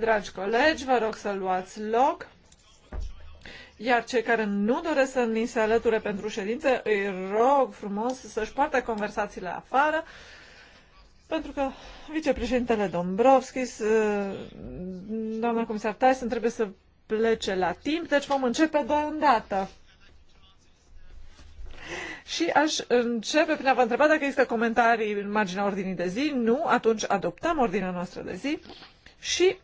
Dragi colegi, vă rog să luați loc. Iar cei care nu doresc să ni se alăture pentru ședință, îi rog frumos să-și poarte conversațiile afară, pentru că vicepreședintele Dombrovskis, uh, doamna comisar Tyson, trebuie să plece la timp, deci vom începe de îndată. Și aș începe prin a vă întreba dacă există comentarii în marginea ordinii de zi. Nu, atunci adoptăm ordinea noastră de zi și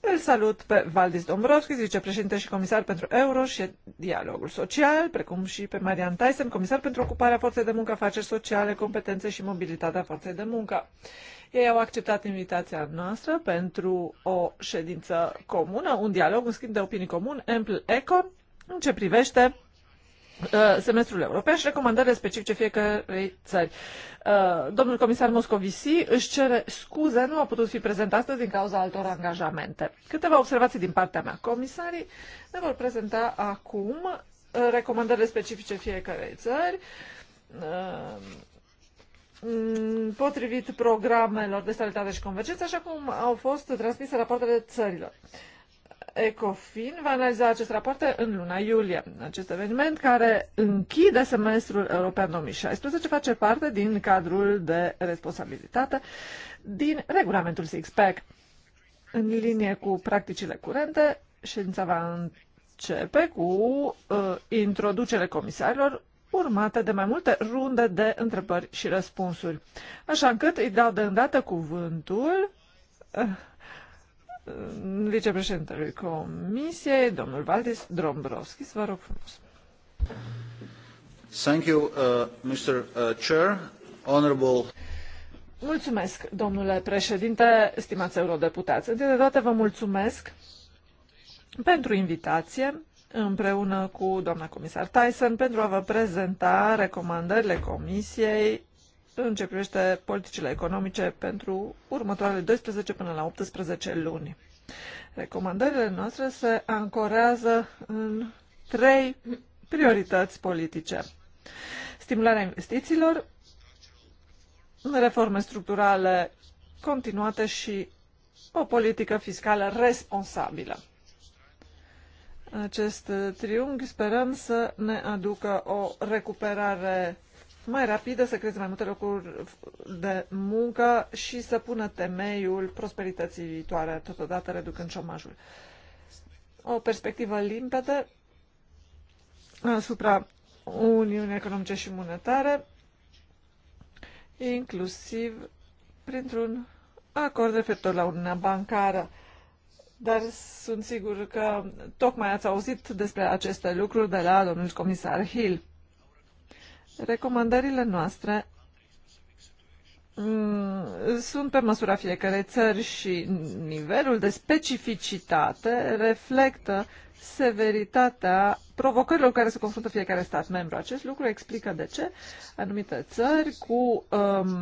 îl salut pe Valdis Dombrovskis, vicepreședinte și comisar pentru euro și dialogul social, precum și pe Marian Tyson, comisar pentru ocuparea forței de muncă, afaceri sociale, competențe și mobilitatea forței de muncă. Ei au acceptat invitația noastră pentru o ședință comună, un dialog, un schimb de opinii comun, Ample Econ, în ce privește Uh, semestrul european și recomandările specifice fiecărei țări. Uh, domnul comisar Moscovici își cere scuze, nu a putut fi prezent astăzi din cauza altor angajamente. Câteva observații din partea mea. Comisarii ne vor prezenta acum uh, recomandările specifice fiecărei țări potrivit programelor de stabilitate și convergență, așa cum au fost transmise rapoartele țărilor. ECOFIN va analiza acest raport în luna iulie. Acest eveniment, care închide semestrul european 2016, face parte din cadrul de responsabilitate din regulamentul SIXPEC. În linie cu practicile curente, ședința va începe cu uh, introducerea comisarilor urmate de mai multe runde de întrebări și răspunsuri. Așa încât îi dau de îndată cuvântul uh, Uh, vicepreședintelui Comisiei, domnul Valdis Drombrovskis. Vă rog frumos. Thank you, uh, Mr. Uh, Chair. Honorable... Mulțumesc, domnule președinte, stimați eurodeputați. Întâi de toate vă mulțumesc pentru invitație împreună cu doamna comisar Tyson pentru a vă prezenta recomandările Comisiei în ce privește politicile economice pentru următoarele 12 până la 18 luni. Recomandările noastre se ancorează în trei priorități politice. Stimularea investițiilor, reforme structurale continuate și o politică fiscală responsabilă. Acest triunghi sperăm să ne aducă o recuperare mai rapidă, să creeze mai multe locuri de muncă și să pună temeiul prosperității viitoare, totodată reducând șomajul. O perspectivă limpede asupra Uniunii Economice și Monetare, inclusiv printr-un acord referitor la Uniunea Bancară. Dar sunt sigur că tocmai ați auzit despre aceste lucruri de la domnul comisar Hill. Recomandările noastre mm, sunt pe măsura fiecarei țări și nivelul de specificitate reflectă severitatea provocărilor care se confruntă fiecare stat membru. Acest lucru explică de ce anumite țări cu um,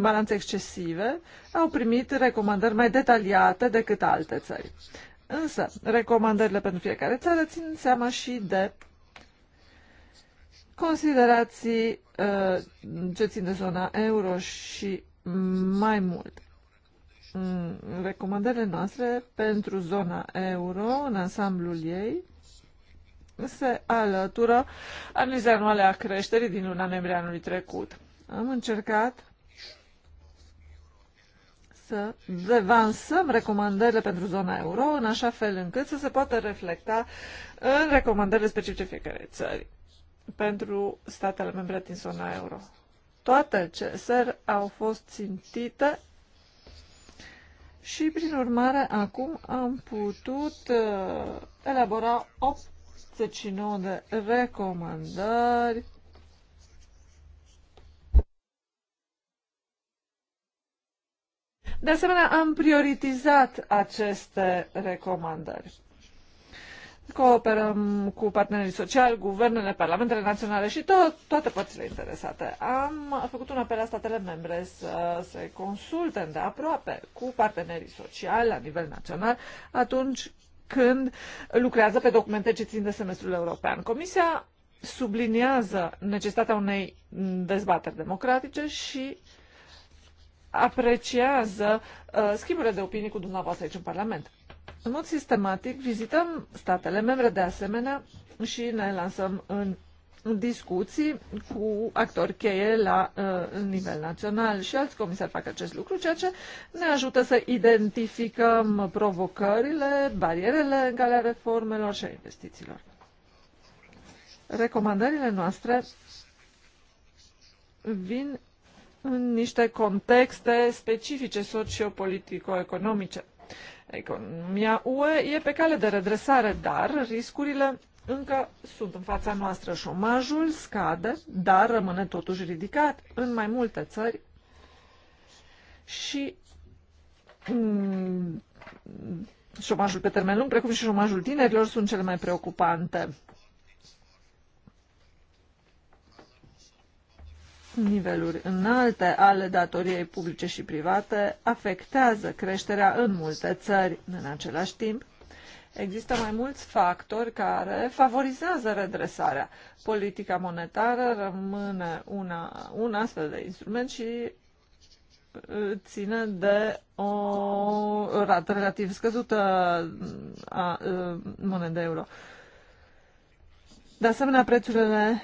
balanțe excesive au primit recomandări mai detaliate decât alte țări. Însă, recomandările pentru fiecare țară țin seama și de considerații uh, ce țin de zona euro și mai mult. Mm, recomandările noastre pentru zona euro în ansamblul ei se alătură analizei anuale a creșterii din luna noiembrie anului trecut. Am încercat să devansăm recomandările pentru zona euro în așa fel încât să se poată reflecta în recomandările specifice fiecare țări pentru statele membre din zona euro. Toate CSR au fost țintite și, prin urmare, acum am putut uh, elabora 89 de recomandări De asemenea, am prioritizat aceste recomandări. Cooperăm cu partenerii sociali, guvernele, parlamentele naționale și to toate părțile interesate. Am făcut un apel la statele membre să se consulte de aproape cu partenerii sociali la nivel național atunci când lucrează pe documente ce țin de semestrul european. Comisia subliniază necesitatea unei dezbateri democratice și apreciază uh, schimburile de opinii cu dumneavoastră aici în Parlament. În mod sistematic vizităm statele membre de asemenea și ne lansăm în discuții cu actori cheie la uh, nivel național și alți comisari fac acest lucru, ceea ce ne ajută să identificăm provocările, barierele în calea reformelor și a investițiilor. Recomandările noastre vin în niște contexte specifice socio-politico-economice. Economia UE e pe cale de redresare, dar riscurile încă sunt în fața noastră. Șomajul scade, dar rămâne totuși ridicat în mai multe țări și mm, șomajul pe termen lung, precum și șomajul tinerilor, sunt cele mai preocupante. niveluri înalte ale datoriei publice și private afectează creșterea în multe țări. În același timp, există mai mulți factori care favorizează redresarea. Politica monetară rămâne una, un astfel de instrument și uh, ține de o rată relativ scăzută a uh, monedei euro. De asemenea, prețurile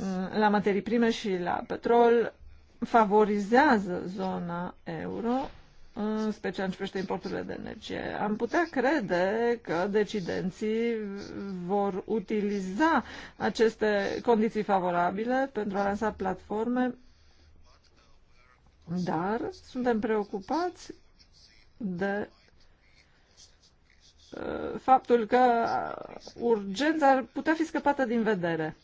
Uh, la materii prime și la petrol favorizează zona euro, în special în ce privește importurile de energie. Am putea crede că decidenții vor utiliza aceste condiții favorabile pentru a lansa platforme, dar suntem preocupați de uh, faptul că urgența ar putea fi scăpată din vedere.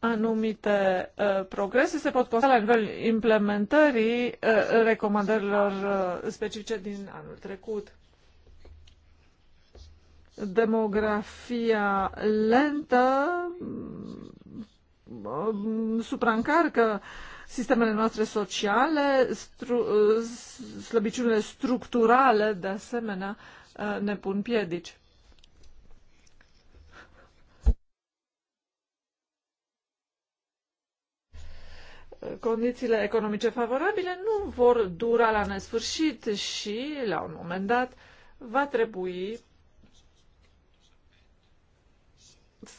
anumite uh, progrese se pot constata la nivel implementării uh, recomandărilor uh, specifice din anul trecut. Demografia lentă mm, supraîncarcă sistemele noastre sociale, stru, uh, slăbiciunile structurale, de asemenea, uh, ne pun piedici. condițiile economice favorabile nu vor dura la nesfârșit și, la un moment dat, va trebui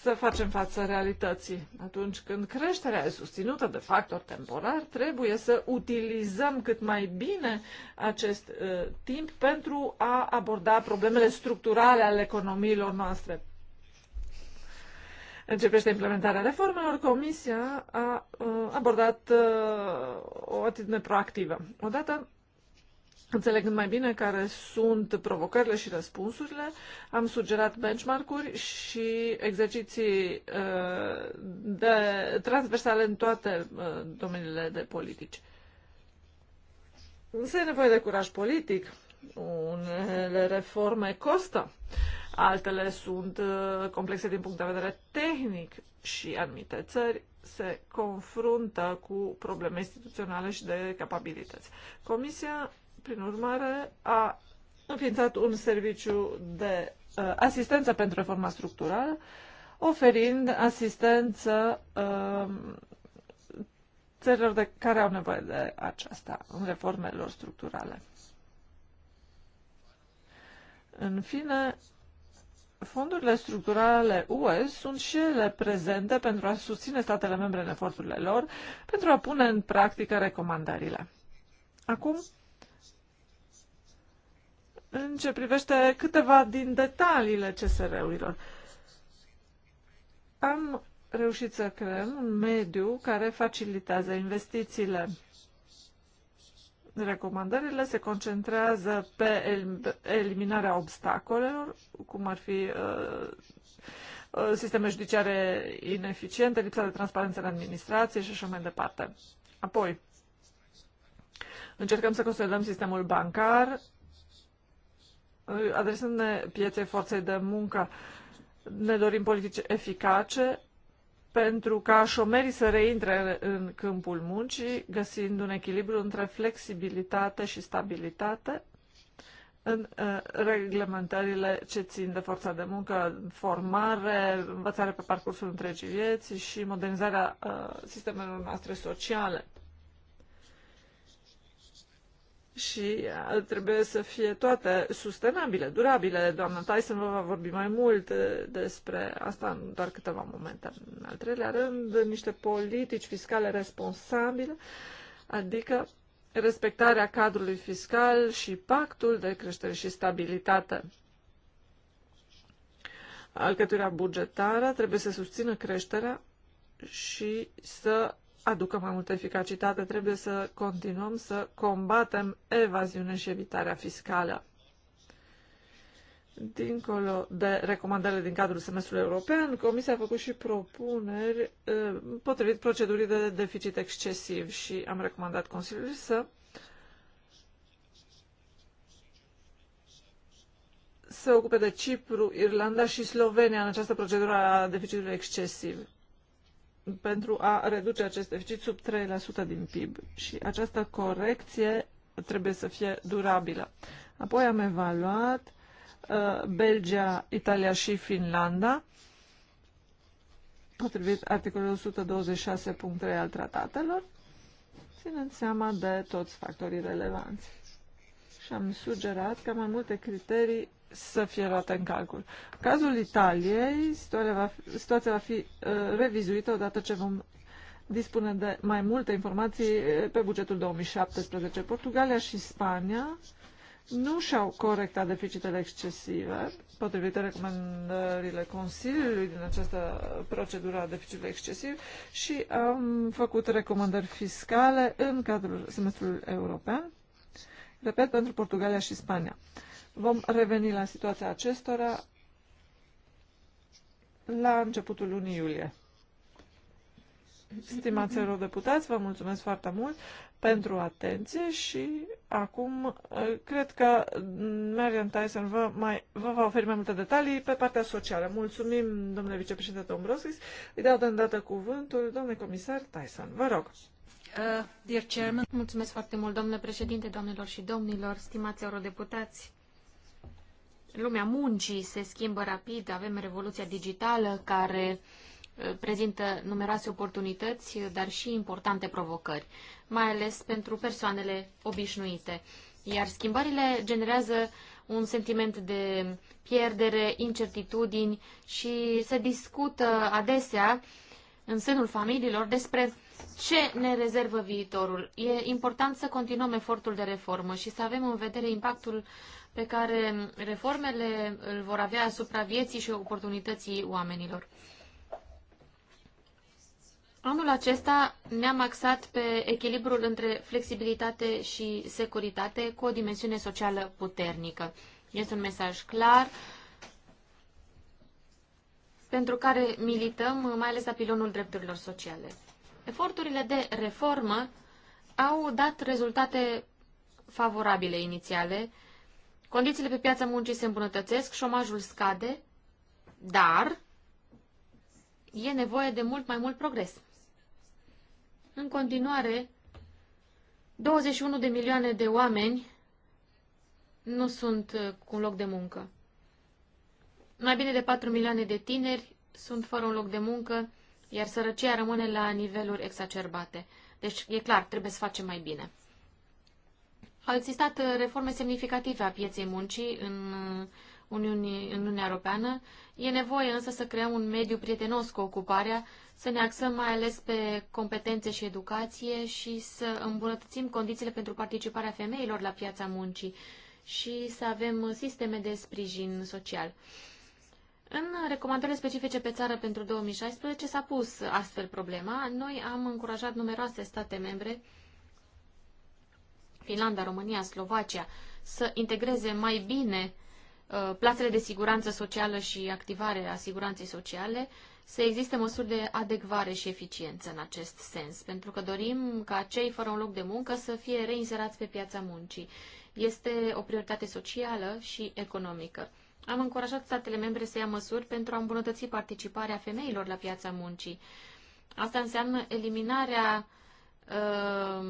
să facem față realității. Atunci când creșterea e susținută de factor temporar, trebuie să utilizăm cât mai bine acest uh, timp pentru a aborda problemele structurale ale economiilor noastre. În ce privește implementarea reformelor, Comisia a uh, abordat uh, o atitudine proactivă. Odată, înțelegând mai bine care sunt provocările și răspunsurile, am sugerat benchmark-uri și exerciții uh, de, transversale în toate uh, domeniile de politici. Însă e nevoie de curaj politic. Unele reforme costă. Uh, altele sunt uh, complexe din punct de vedere tehnic și anumite țări se confruntă cu probleme instituționale și de capabilități. Comisia, prin urmare, a înființat un serviciu de uh, asistență pentru reforma structurală, oferind asistență uh, țărilor de care au nevoie de aceasta în reformelor structurale. În fine, Fondurile structurale UE sunt și ele prezente pentru a susține statele membre în eforturile lor pentru a pune în practică recomandările. Acum, în ce privește câteva din detaliile CSR-urilor, am reușit să creăm un mediu care facilitează investițiile Recomandările se concentrează pe eliminarea obstacolelor, cum ar fi uh, uh, sisteme judiciare ineficiente, lipsa de transparență în administrație și așa mai departe. Apoi, încercăm să consolidăm sistemul bancar, uh, adresându-ne pieței forței de muncă. Ne dorim politici eficace pentru ca șomerii să reintre în câmpul muncii, găsind un echilibru între flexibilitate și stabilitate în uh, reglementările ce țin de forța de muncă, formare, învățare pe parcursul întregii vieți și modernizarea uh, sistemelor noastre sociale și trebuie să fie toate sustenabile, durabile. Doamna Tyson vă va vorbi mai mult despre asta în doar câteva momente. În al treilea rând, niște politici fiscale responsabile, adică respectarea cadrului fiscal și pactul de creștere și stabilitate. Alcătuirea bugetară trebuie să susțină creșterea și să aducă mai multă eficacitate, trebuie să continuăm să combatem evaziunea și evitarea fiscală. Dincolo de recomandările din cadrul semestrului european, Comisia a făcut și propuneri eh, potrivit procedurii de deficit excesiv și am recomandat Consiliului să se ocupe de Cipru, Irlanda și Slovenia în această procedură a deficitului excesiv pentru a reduce acest deficit sub 3% din PIB și această corecție trebuie să fie durabilă. Apoi am evaluat uh, Belgia, Italia și Finlanda potrivit articolul 126.3 al tratatelor, ținând seama de toți factorii relevanți. Și am sugerat ca mai multe criterii să fie luată în calcul. În cazul Italiei, situația va fi, situația va fi uh, revizuită odată ce vom dispune de mai multe informații uh, pe bugetul 2017. Portugalia și Spania nu și-au corectat deficitele excesive, potrivit recomandările Consiliului din această procedură a deficitului excesiv, și am făcut recomandări fiscale în cadrul semestrului european, repet, pentru Portugalia și Spania. Uh, Vom reveni la situația acestora la începutul lunii iulie. Stimați eurodeputați, vă mulțumesc foarte mult pentru atenție și acum eh, cred că Marian Tyson vă, mai, vă va oferi mai multe detalii pe partea socială. Mulțumim, domnule vicepreședinte Dombrovskis. Îi dau de îndată cuvântul, domnule comisar Tyson. Vă rog. Uh, dear Chairman. Mulțumesc foarte mult, domnule președinte, doamnelor și domnilor, stimați eurodeputați lumea muncii se schimbă rapid, avem revoluția digitală care uh, prezintă numeroase oportunități, uh, dar și importante provocări, mai ales pentru persoanele obișnuite. Iar schimbările generează un sentiment de pierdere, incertitudini și se discută adesea în sânul familiilor despre ce ne rezervă viitorul. E important să continuăm efortul de reformă și să avem în vedere impactul pe care reformele îl vor avea asupra vieții și oportunității oamenilor. Anul acesta ne-am axat pe echilibrul între flexibilitate și securitate cu o dimensiune socială puternică. Este un mesaj clar pentru care milităm, mai ales la pilonul drepturilor sociale. Eforturile de reformă au dat rezultate favorabile inițiale, Condițiile pe piața muncii se îmbunătățesc, șomajul scade, dar e nevoie de mult mai mult progres. În continuare, 21 de milioane de oameni nu sunt cu un loc de muncă. Mai bine de 4 milioane de tineri sunt fără un loc de muncă, iar sărăcia rămâne la niveluri exacerbate. Deci, e clar, trebuie să facem mai bine. Au existat uh, reforme semnificative a pieței muncii în uh, Uniunii, în Uniunea Europeană. E nevoie însă să creăm un mediu prietenos cu ocuparea, să ne axăm mai ales pe competențe și educație și să îmbunătățim condițiile pentru participarea femeilor la piața muncii și să avem sisteme de sprijin social. În recomandările specifice pe țară pentru 2016 s-a pus astfel problema. Noi am încurajat numeroase state membre Finlanda, România, Slovacia, să integreze mai bine uh, plasele de siguranță socială și activare a siguranței sociale, să existe măsuri de adecvare și eficiență în acest sens, pentru că dorim ca cei fără un loc de muncă să fie reinserați pe piața muncii. Este o prioritate socială și economică. Am încurajat statele membre să ia măsuri pentru a îmbunătăți participarea femeilor la piața muncii. Asta înseamnă eliminarea uh,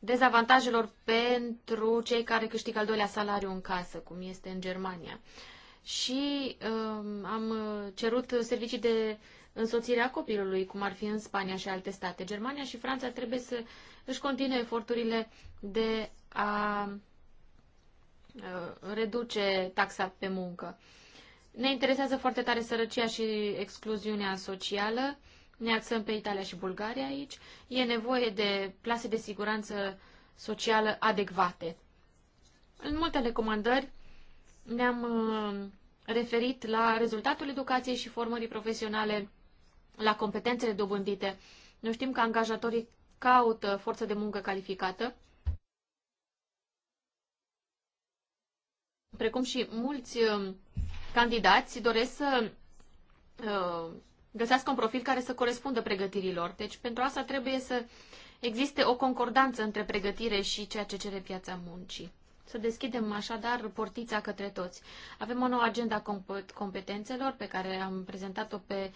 dezavantajelor pentru cei care câștigă al doilea salariu în casă, cum este în Germania. Și um, am cerut servicii de a copilului, cum ar fi în Spania și alte state. Germania și Franța trebuie să își continue eforturile de a uh, reduce taxa pe muncă. Ne interesează foarte tare sărăcia și excluziunea socială. Uh, ne axăm pe Italia și Bulgaria aici, e nevoie de plase de siguranță socială adecvate. În multe recomandări ne-am uh, referit la rezultatul educației și formării profesionale, la competențele dobândite. Noi știm că angajatorii caută forță de muncă calificată, precum și mulți uh, candidați doresc să uh, găsească un profil care să corespundă pregătirilor. Deci, pentru asta trebuie să existe o concordanță între pregătire și ceea ce cere piața muncii. Să deschidem așadar portița către toți. Avem o nouă agenda competențelor pe care am prezentat-o pe,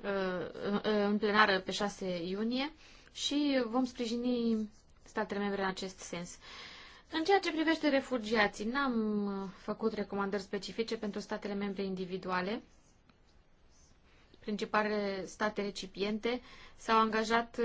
uh, în plenară pe 6 iunie și vom sprijini statele membre în acest sens. În ceea ce privește refugiații, n-am făcut recomandări specifice pentru statele membre individuale, principalele state recipiente, s-au angajat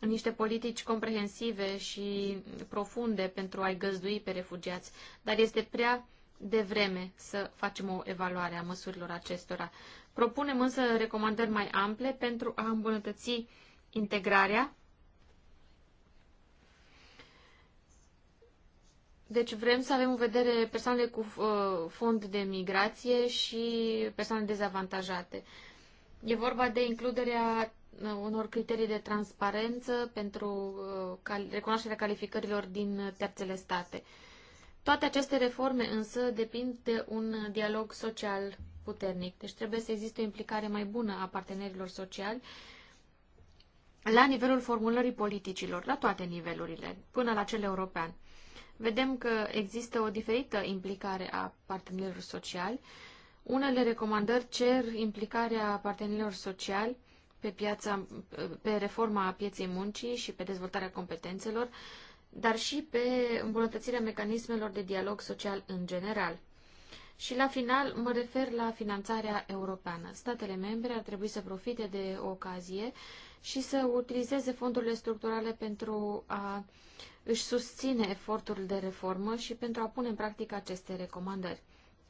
în uh, niște politici comprehensive și profunde pentru a-i găzdui pe refugiați, dar este prea devreme să facem o evaluare a măsurilor acestora. Propunem însă recomandări mai ample pentru a îmbunătăți integrarea. Deci vrem să avem în vedere persoanele cu uh, fond de migrație și persoane dezavantajate. E vorba de includerea uh, unor criterii de transparență pentru uh, recunoașterea calificărilor din terțele state. Toate aceste reforme însă depind de un dialog social puternic, deci trebuie să existe o implicare mai bună a partenerilor sociali la nivelul formulării politicilor, la toate nivelurile, până la cel european. Vedem că există o diferită implicare a partenerilor sociali, unele recomandări cer implicarea partenerilor sociali pe, piața, pe reforma pieței muncii și pe dezvoltarea competențelor, dar și pe îmbunătățirea mecanismelor de dialog social în general. Și la final mă refer la finanțarea europeană. Statele membre ar trebui să profite de o ocazie și să utilizeze fondurile structurale pentru a își susține efortul de reformă și pentru a pune în practică aceste recomandări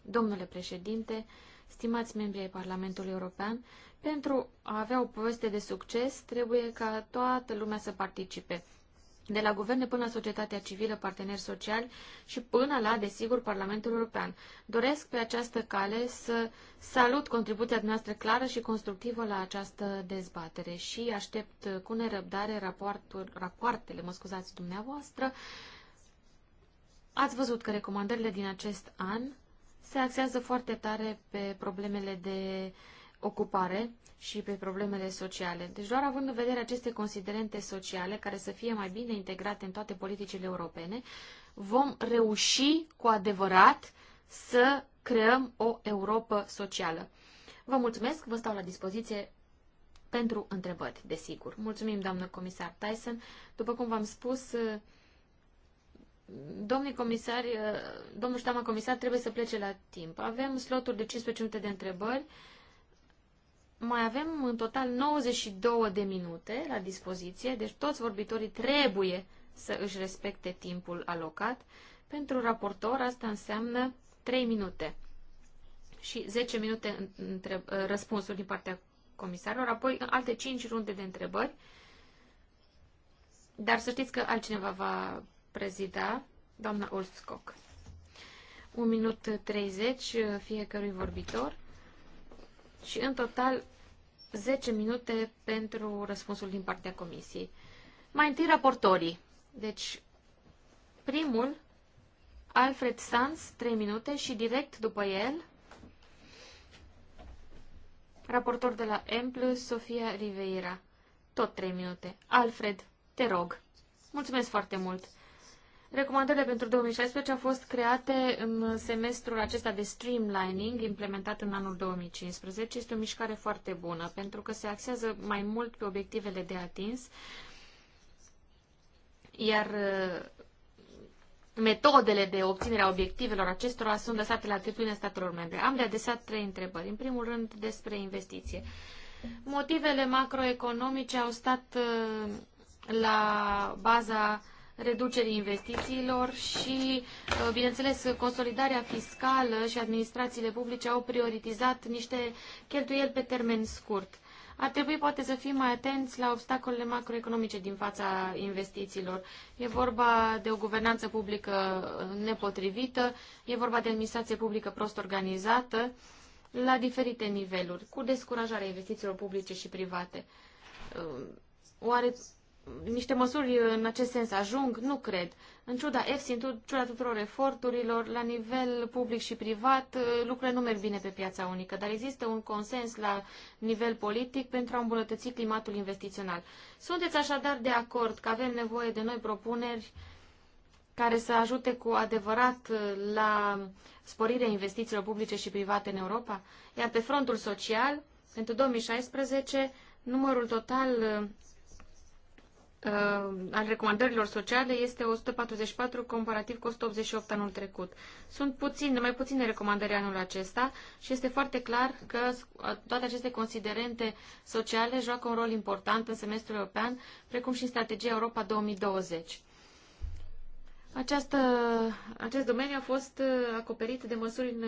domnule președinte, stimați membri ai Parlamentului European, pentru a avea o poveste de succes, trebuie ca toată lumea să participe. De la guverne până la societatea civilă, parteneri sociali și până la, desigur, Parlamentul European. Doresc pe această cale să salut contribuția noastră clară și constructivă la această dezbatere și aștept cu nerăbdare raportul, rapoartele, mă scuzați dumneavoastră. Ați văzut că recomandările din acest an se axează foarte tare pe problemele de ocupare și pe problemele sociale. Deci doar având în vedere aceste considerente sociale, care să fie mai bine integrate în toate politicile europene, vom reuși cu adevărat să creăm o Europa socială. Vă mulțumesc, vă stau la dispoziție pentru întrebări, desigur. Mulțumim, doamnă comisar Tyson. După cum v-am spus, Domnul comisar, uh, domnul Ștama comisar trebuie să plece la timp. Avem sloturi de 15 minute de întrebări. Mai avem în total 92 de minute la dispoziție, deci toți vorbitorii trebuie să își respecte timpul alocat. Pentru raportor asta înseamnă 3 minute și 10 minute uh, răspunsuri din partea comisarilor, apoi alte 5 runde de întrebări. Dar să știți că altcineva va prezida doamna Ulfskog. Un minut 30 uh, fiecărui vorbitor și în total 10 minute pentru răspunsul din partea comisiei. Mai întâi raportorii. Deci, primul, Alfred Sanz, 3 minute și direct după el, raportor de la Emplă, Sofia Riveira, tot 3 minute. Alfred, te rog. Mulțumesc foarte mult. Recomandările pentru 2016 au fost create în semestrul acesta de streamlining, implementat în anul 2015. Este o mișcare foarte bună, pentru că se axează mai mult pe obiectivele de atins, iar uh, metodele de obținere a obiectivelor acestora sunt lăsate la atitudinea statelor membre. Am de adesat trei întrebări. În primul rând, despre investiție. Motivele macroeconomice au stat uh, la baza reducerii investițiilor și, uh, bineînțeles, consolidarea fiscală și administrațiile publice au prioritizat niște cheltuieli pe termen scurt. Ar trebui poate să fim mai atenți la obstacolele macroeconomice din fața investițiilor. E vorba de o guvernanță publică nepotrivită, e vorba de administrație publică prost organizată, la diferite niveluri, cu descurajarea investițiilor publice și private. Uh, oare niște măsuri în acest sens ajung? Nu cred. În ciuda EFSI, în ciuda tuturor eforturilor, la nivel public și privat, uh, lucrurile nu merg bine pe piața unică, dar există un consens la nivel politic pentru a îmbunătăți climatul investițional. Sunteți așadar de acord că avem nevoie de noi propuneri care să ajute cu adevărat uh, la sporirea investițiilor publice și private în Europa? Iar pe frontul social, pentru 2016, numărul total uh, Uh, al recomandărilor sociale este 144 comparativ cu 188 anul trecut. Sunt puțin, mai puține recomandări anul acesta și este foarte clar că uh, toate aceste considerente sociale joacă un rol important în semestrul european, precum și în strategia Europa 2020. Această, acest domeniu a fost uh, acoperit de măsuri în,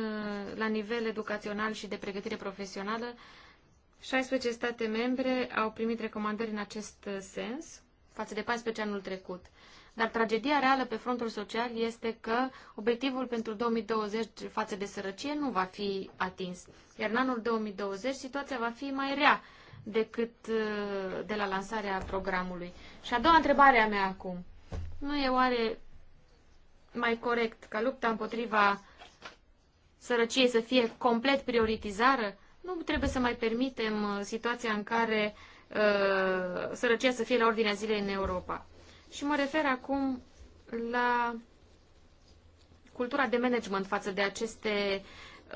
la nivel educațional și de pregătire profesională. 16 state membre au primit recomandări în acest sens față de 14 anul trecut. Dar tragedia reală pe frontul social este că obiectivul pentru 2020 față de sărăcie nu va fi atins. Iar în anul 2020 situația va fi mai rea decât uh, de la lansarea programului. Și a doua întrebare a mea acum. Nu e oare mai corect ca lupta împotriva sărăciei să fie complet prioritizară? Nu trebuie să mai permitem uh, situația în care uh, uh, sărăcia să fie la ordinea zilei în Europa. Și mă refer acum la cultura de management față de aceste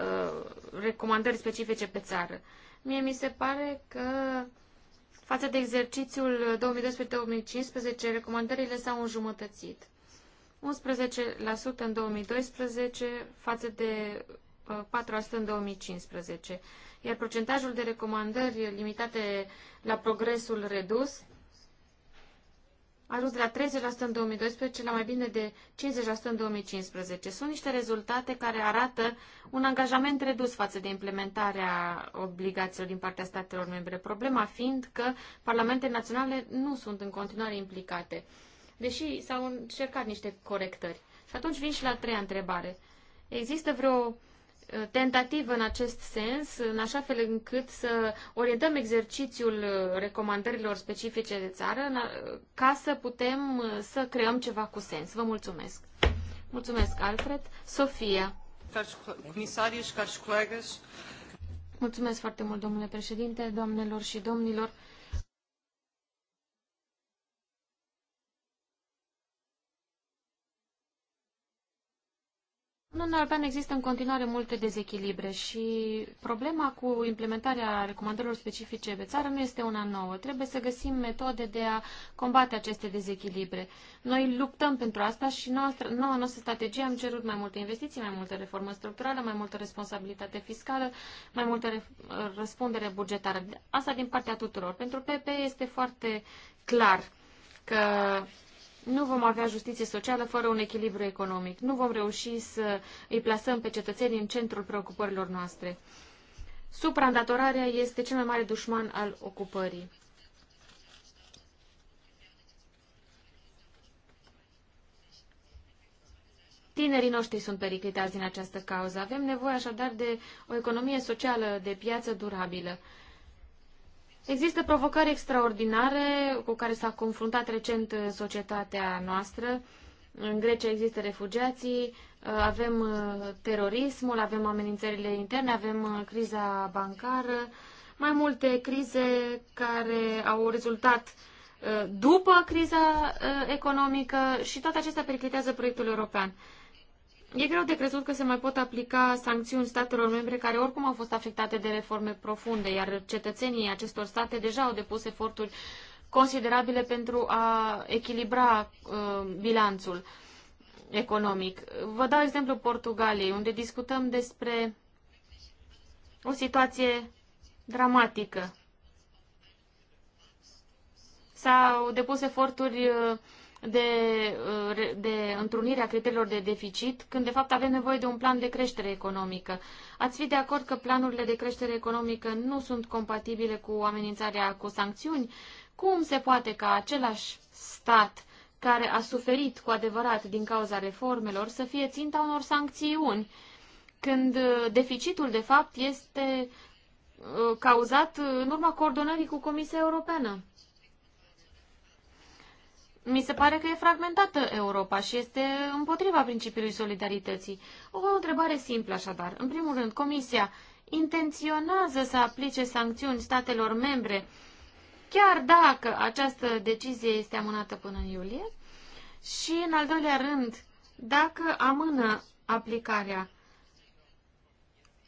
uh, recomandări specifice pe țară. Mie mi se pare că față de exercițiul 2012-2015, recomandările s-au înjumătățit. 11% în 2012 față de 4% uh, în 2015 iar procentajul de recomandări limitate la progresul redus a ajuns de la 30% în 2012 la mai bine de 50% în 2015. Sunt niște rezultate care arată un angajament redus față de implementarea obligațiilor din partea statelor membre, problema fiind că parlamentele naționale nu sunt în continuare implicate, deși s-au încercat niște corectări. Și atunci vin și la a treia întrebare. Există vreo tentativă în acest sens, în așa fel încât să orientăm exercițiul recomandărilor specifice de țară ca să putem uh, să creăm ceva cu sens. Vă mulțumesc! Mulțumesc, Alfred. Sofia. Mulțumesc foarte mult, domnule președinte, doamnelor și domnilor. În Uniunea Europeană există în continuare multe dezechilibre și problema cu implementarea recomandărilor specifice pe țară nu este una nouă. Trebuie să găsim metode de a combate aceste dezechilibre. Noi luptăm pentru asta și noastră, noua noastră strategie am cerut mai multe investiții, mai multă reformă structurală, mai multă responsabilitate fiscală, mai multă răspundere bugetară. Asta din partea tuturor. Pentru PP este foarte clar că nu vom avea justiție socială fără un echilibru economic. Nu vom reuși să îi plasăm pe cetățenii în centrul preocupărilor noastre. Suprandatorarea este cel mai mare dușman al ocupării. Tinerii noștri sunt periclitați din această cauză. Avem nevoie așadar de o economie socială de piață durabilă. Există provocări extraordinare cu care s-a confruntat recent uh, societatea noastră. În Grecia există refugiații, uh, avem uh, terorismul, avem amenințările interne, avem criza bancară, mai multe crize care au rezultat după criza economică și toate acestea periclitează proiectul european. E greu de crezut că se mai pot aplica sancțiuni statelor membre care oricum au fost afectate de reforme profunde, iar cetățenii acestor state deja au depus eforturi considerabile pentru a echilibra uh, bilanțul economic. Vă dau exemplu Portugaliei, unde discutăm despre o situație dramatică. S-au depus eforturi uh, de, uh, de întrunirea criteriilor de deficit, când de fapt avem nevoie de un plan de creștere economică. Ați fi de acord că planurile de creștere economică nu sunt compatibile cu amenințarea cu sancțiuni? Cum se poate ca același stat care a suferit cu adevărat din cauza reformelor să fie ținta unor sancțiuni, când uh, deficitul de fapt este uh, cauzat în urma coordonării cu Comisia Europeană? mi se pare că e fragmentată Europa și este împotriva principiului solidarității. O întrebare simplă așadar. În primul rând, Comisia intenționează să aplice sancțiuni statelor membre chiar dacă această decizie este amânată până în iulie? Și, în al doilea rând, dacă amână aplicarea,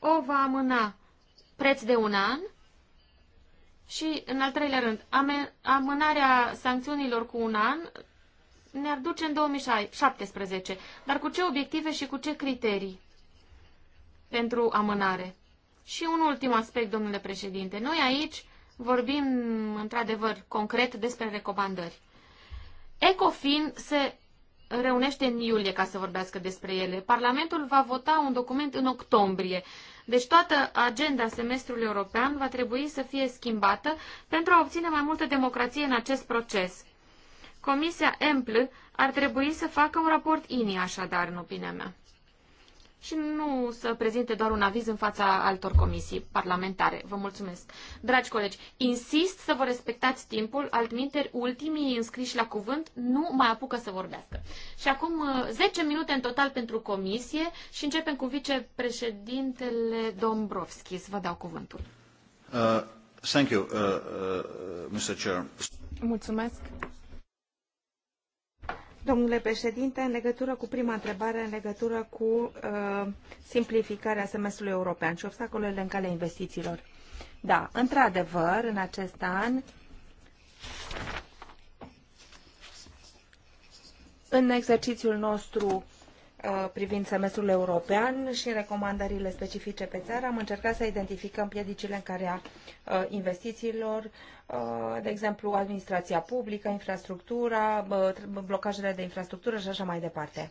o va amâna preț de un an și, în al treilea rând, amânarea sancțiunilor cu un an ne-ar duce în 2017. Dar cu ce obiective și cu ce criterii pentru amânare? Și un ultim aspect, domnule președinte. Noi aici vorbim, într-adevăr, concret despre recomandări. Ecofin se reunește în iulie ca să vorbească despre ele. Parlamentul va vota un document în octombrie. Deci toată agenda semestrului european va trebui să fie schimbată pentru a obține mai multă democrație în acest proces. Comisia EMPL ar trebui să facă un raport INI, așadar, în opinia mea și nu să prezinte doar un aviz în fața altor comisii parlamentare. Vă mulțumesc. Dragi colegi, insist să vă respectați timpul, altminteri ultimii înscriși la cuvânt nu mai apucă să vorbească. Și acum 10 uh, minute în total pentru comisie și începem cu vicepreședintele Dombrovskis. Vă dau cuvântul. Uh, thank you, uh, uh, Mr. Chair. Mulțumesc. Domnule președinte, în legătură cu prima întrebare, în legătură cu uh, simplificarea semestrului european și obstacolele în calea investițiilor. Da, într-adevăr, în acest an, în exercițiul nostru Uh, privind semestrul european și recomandările specifice pe țară. Am încercat să identificăm piedicile în care a uh, investițiilor, uh, de exemplu, administrația publică, infrastructura, blocajele de infrastructură și așa mai departe.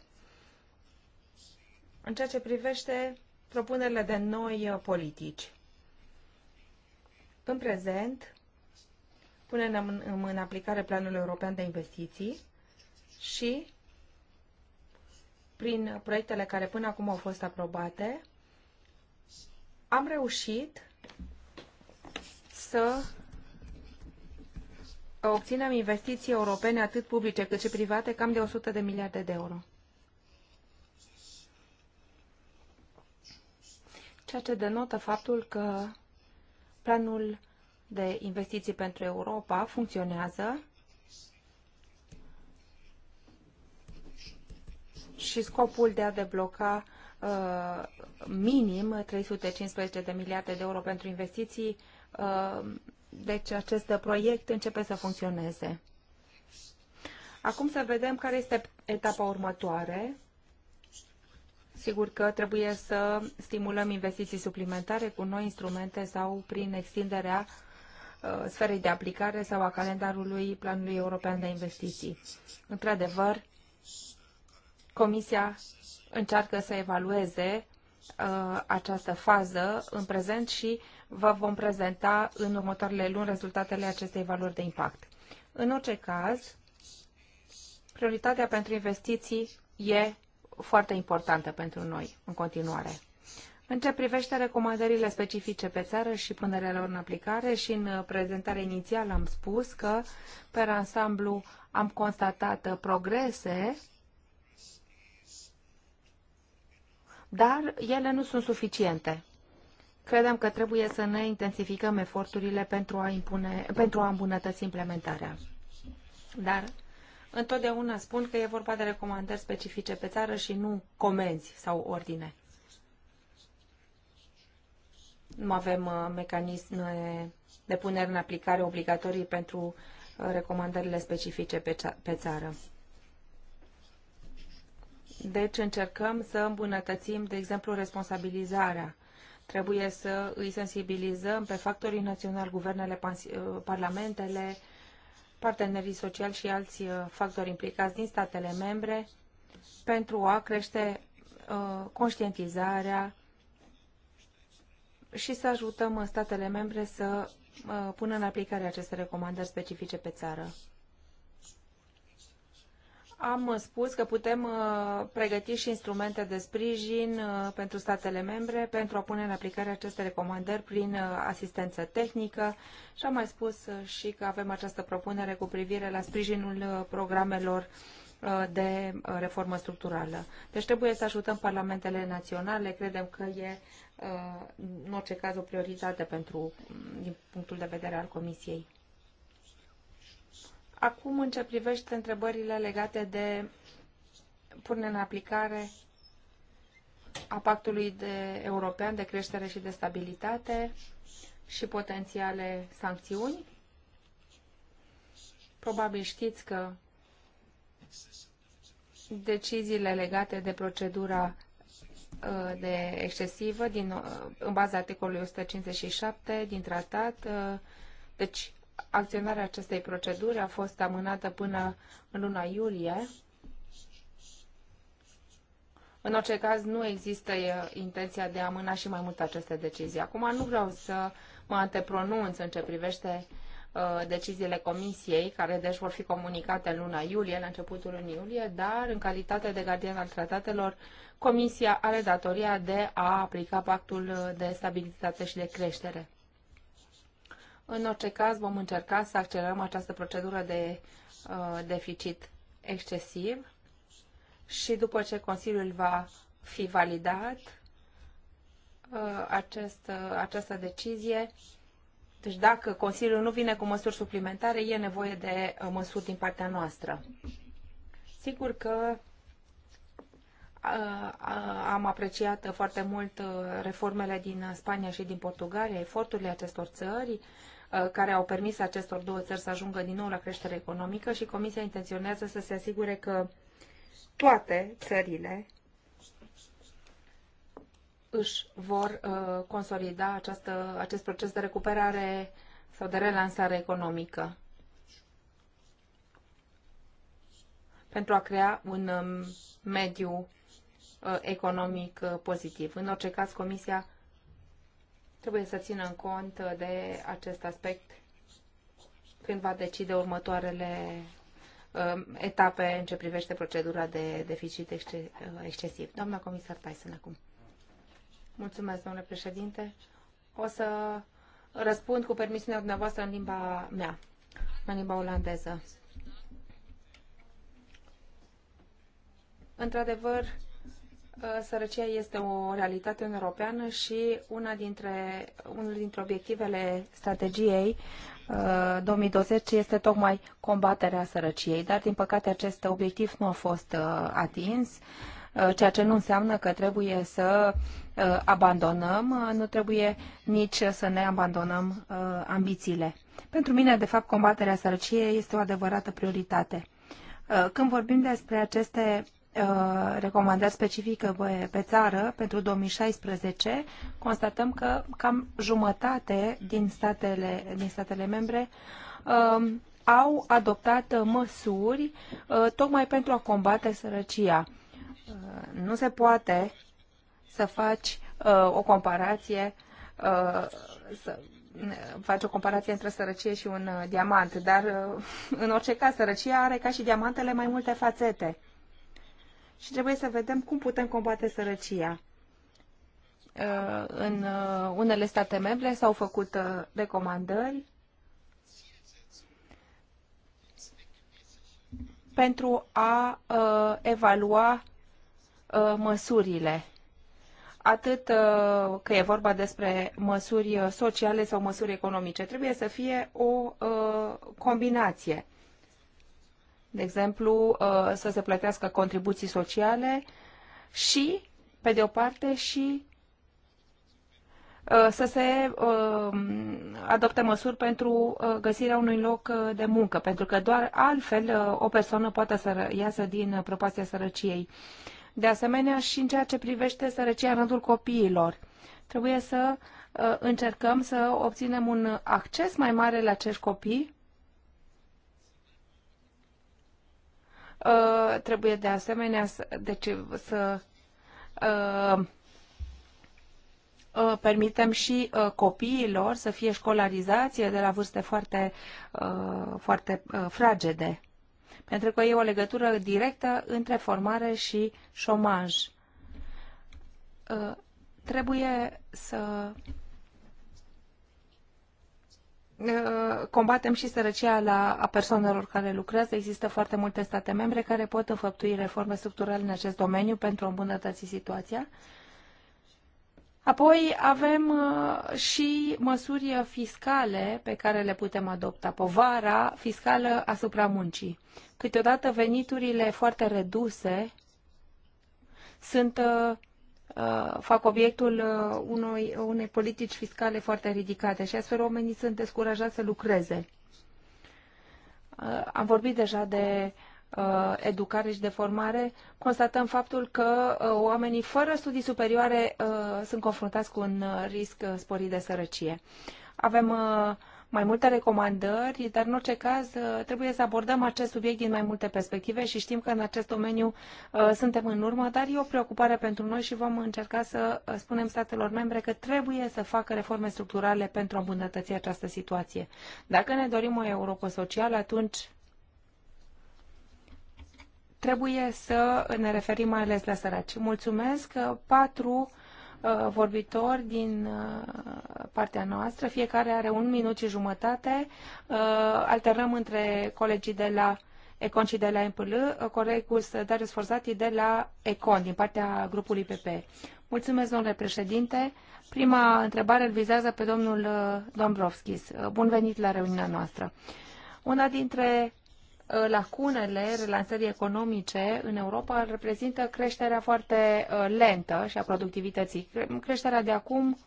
În ceea ce privește propunerile de noi politici. În prezent, punem în, în aplicare Planul European de Investiții și prin proiectele care până acum au fost aprobate, am reușit să obținem investiții europene atât publice cât și private cam de 100 de miliarde de euro. Ceea ce denotă faptul că planul de investiții pentru Europa funcționează și scopul de a debloca uh, minim 315 de miliarde de euro pentru investiții. Uh, deci acest proiect începe să funcționeze. Acum să vedem care este etapa următoare. Sigur că trebuie să stimulăm investiții suplimentare cu noi instrumente sau prin extinderea uh, sferei de aplicare sau a calendarului Planului European de Investiții. Într-adevăr, Comisia încearcă să evalueze uh, această fază în prezent și vă vom prezenta în următoarele luni rezultatele acestei valori de impact. În orice caz, prioritatea pentru investiții e foarte importantă pentru noi în continuare. În ce privește recomandările specifice pe țară și punerea lor în aplicare și în prezentarea inițială am spus că, pe ansamblu, am constatat progrese dar ele nu sunt suficiente. Credem că trebuie să ne intensificăm eforturile pentru a, impune, pentru a îmbunătăți implementarea. Dar întotdeauna spun că e vorba de recomandări specifice pe țară și nu comenzi sau ordine. Nu avem uh, mecanisme de punere în aplicare obligatorii pentru uh, recomandările specifice pe, pe țară. Deci încercăm să îmbunătățim, de exemplu, responsabilizarea. Trebuie să îi sensibilizăm pe factorii naționali, guvernele, eh, parlamentele, partenerii sociali și alți eh, factori implicați din statele membre pentru a crește eh, conștientizarea și să ajutăm statele membre să pună în aplicare aceste recomandări specifice pe țară am uh, spus că putem uh, pregăti și instrumente de sprijin uh, pentru statele membre pentru a pune în aplicare aceste recomandări prin asistență tehnică și am mai spus și că avem această propunere cu privire la sprijinul programelor de reformă structurală. Deci trebuie să ajutăm parlamentele naționale, credem că e în orice caz o prioritate pentru, mm, din punctul de vedere al Comisiei. Acum, în ce privește întrebările legate de punerea în aplicare a Pactului de European de Creștere și de Stabilitate și potențiale sancțiuni. Probabil știți că deciziile legate de procedura uh, de excesivă din, uh, în baza articolului 157 din tratat, uh, deci acționarea acestei proceduri a fost amânată până în luna iulie. În orice caz, nu există intenția de a amâna și mai mult aceste decizii. Acum nu vreau să mă antepronunț în ce privește ă, deciziile comisiei, care deci vor fi comunicate în luna iulie, la începutul lunii iulie, dar în calitate de gardian al tratatelor, comisia are datoria de a aplica pactul de stabilitate și de creștere. În orice caz, vom încerca să accelerăm această procedură de uh, deficit excesiv și după ce Consiliul va fi validat uh, acest, uh, această decizie, deci dacă Consiliul nu vine cu măsuri suplimentare, e nevoie de uh, măsuri din partea noastră. Sigur că uh, uh, am apreciat foarte mult uh, reformele din Spania și din Portugalia, eforturile acestor țări Uh, care au permis acestor două țări să ajungă din nou la creștere economică și Comisia intenționează să se asigure că toate țările își vor uh, consolida această, acest proces de recuperare sau de relansare economică pentru a crea un um, mediu uh, economic uh, pozitiv. În orice caz, Comisia trebuie să țină cont de acest aspect când va decide următoarele um, etape în ce privește procedura de deficit uh, excesiv. Doamna comisar Tyson, acum. Mulțumesc, domnule președinte. O să răspund cu permisiunea dumneavoastră în limba mea, în limba olandeză. Într-adevăr, Uh, sărăcia este o realitate în europeană și una dintre, unul dintre obiectivele strategiei 2020 uh, este tocmai combaterea sărăciei, dar din păcate acest obiectiv nu a fost uh, atins, ceea ce nu înseamnă că trebuie să abandonăm, nu trebuie nici să ne abandonăm ambițiile. Pentru mine, de fapt, combaterea sărăciei este o adevărată prioritate. Când vorbim despre aceste Uh, recomandări specifică uh, pe țară pentru 2016, constatăm că cam jumătate din statele, din statele membre um, au adoptat uh, măsuri tocmai pentru a combate sărăcia. Nu se poate să faci o comparație să faci o comparație între sărăcie și un diamant, dar în orice caz sărăcia are ca și diamantele mai multe fațete și trebuie să vedem cum putem combate sărăcia. Uh, în uh, unele state membre s-au făcut uh, recomandări pentru a evalua măsurile atât că e vorba despre măsuri sociale sau măsuri economice. Trebuie să fie o combinație de exemplu, uh, să se plătească contribuții sociale și, pe de o parte, și uh, să se uh, adopte măsuri pentru găsirea unui loc de muncă, pentru că doar altfel o persoană poate să iasă din prăpastia sărăciei. De asemenea, și în ceea ce privește sărăcia în rândul copiilor, trebuie să încercăm să obținem un acces mai mare la acești copii Uh, trebuie de asemenea să, deci, să uh, uh, permitem și uh, copiilor să fie școlarizație de la vârste foarte, uh, foarte fragede. Pentru că e o legătură directă între formare și șomaj. Trebuie să combatem și sărăcia la, a persoanelor care lucrează. Există foarte multe state membre care pot înfăptui reforme structurale în acest domeniu pentru a îmbunătăți situația. Apoi avem uh, și măsuri fiscale pe care le putem adopta. Povara fiscală asupra muncii. Câteodată veniturile foarte reduse sunt uh, Uh, fac obiectul uh, unui, unei politici fiscale foarte ridicate și astfel oamenii sunt descurajați să lucreze. Uh, am vorbit deja de educare și de formare, constatăm faptul că oamenii fără studii superioare sunt confruntați cu un risc sporit de sărăcie. Avem mai multe recomandări, dar în orice caz uh, trebuie să abordăm acest subiect din mai multe perspective și știm că în acest domeniu uh, suntem în urmă, dar e o preocupare pentru noi și vom încerca să uh, spunem statelor membre că trebuie să facă reforme structurale pentru a îmbunătăți această situație. Dacă ne dorim o Europa socială, atunci trebuie să ne referim mai ales la săraci. Mulțumesc! Patru Uh, vorbitori din uh, partea noastră. Fiecare are un minut și jumătate. Uh, alternăm între colegii de la Econ și de la MPL, colegul Darius Forzati de la Econ, din partea grupului PP. Mulțumesc, domnule președinte. Prima întrebare îl vizează pe domnul Dombrovskis. Bun venit la reuniunea noastră. Una dintre Uh, lacunele relansării economice în Europa reprezintă creșterea foarte uh, lentă și a productivității. Creșterea de acum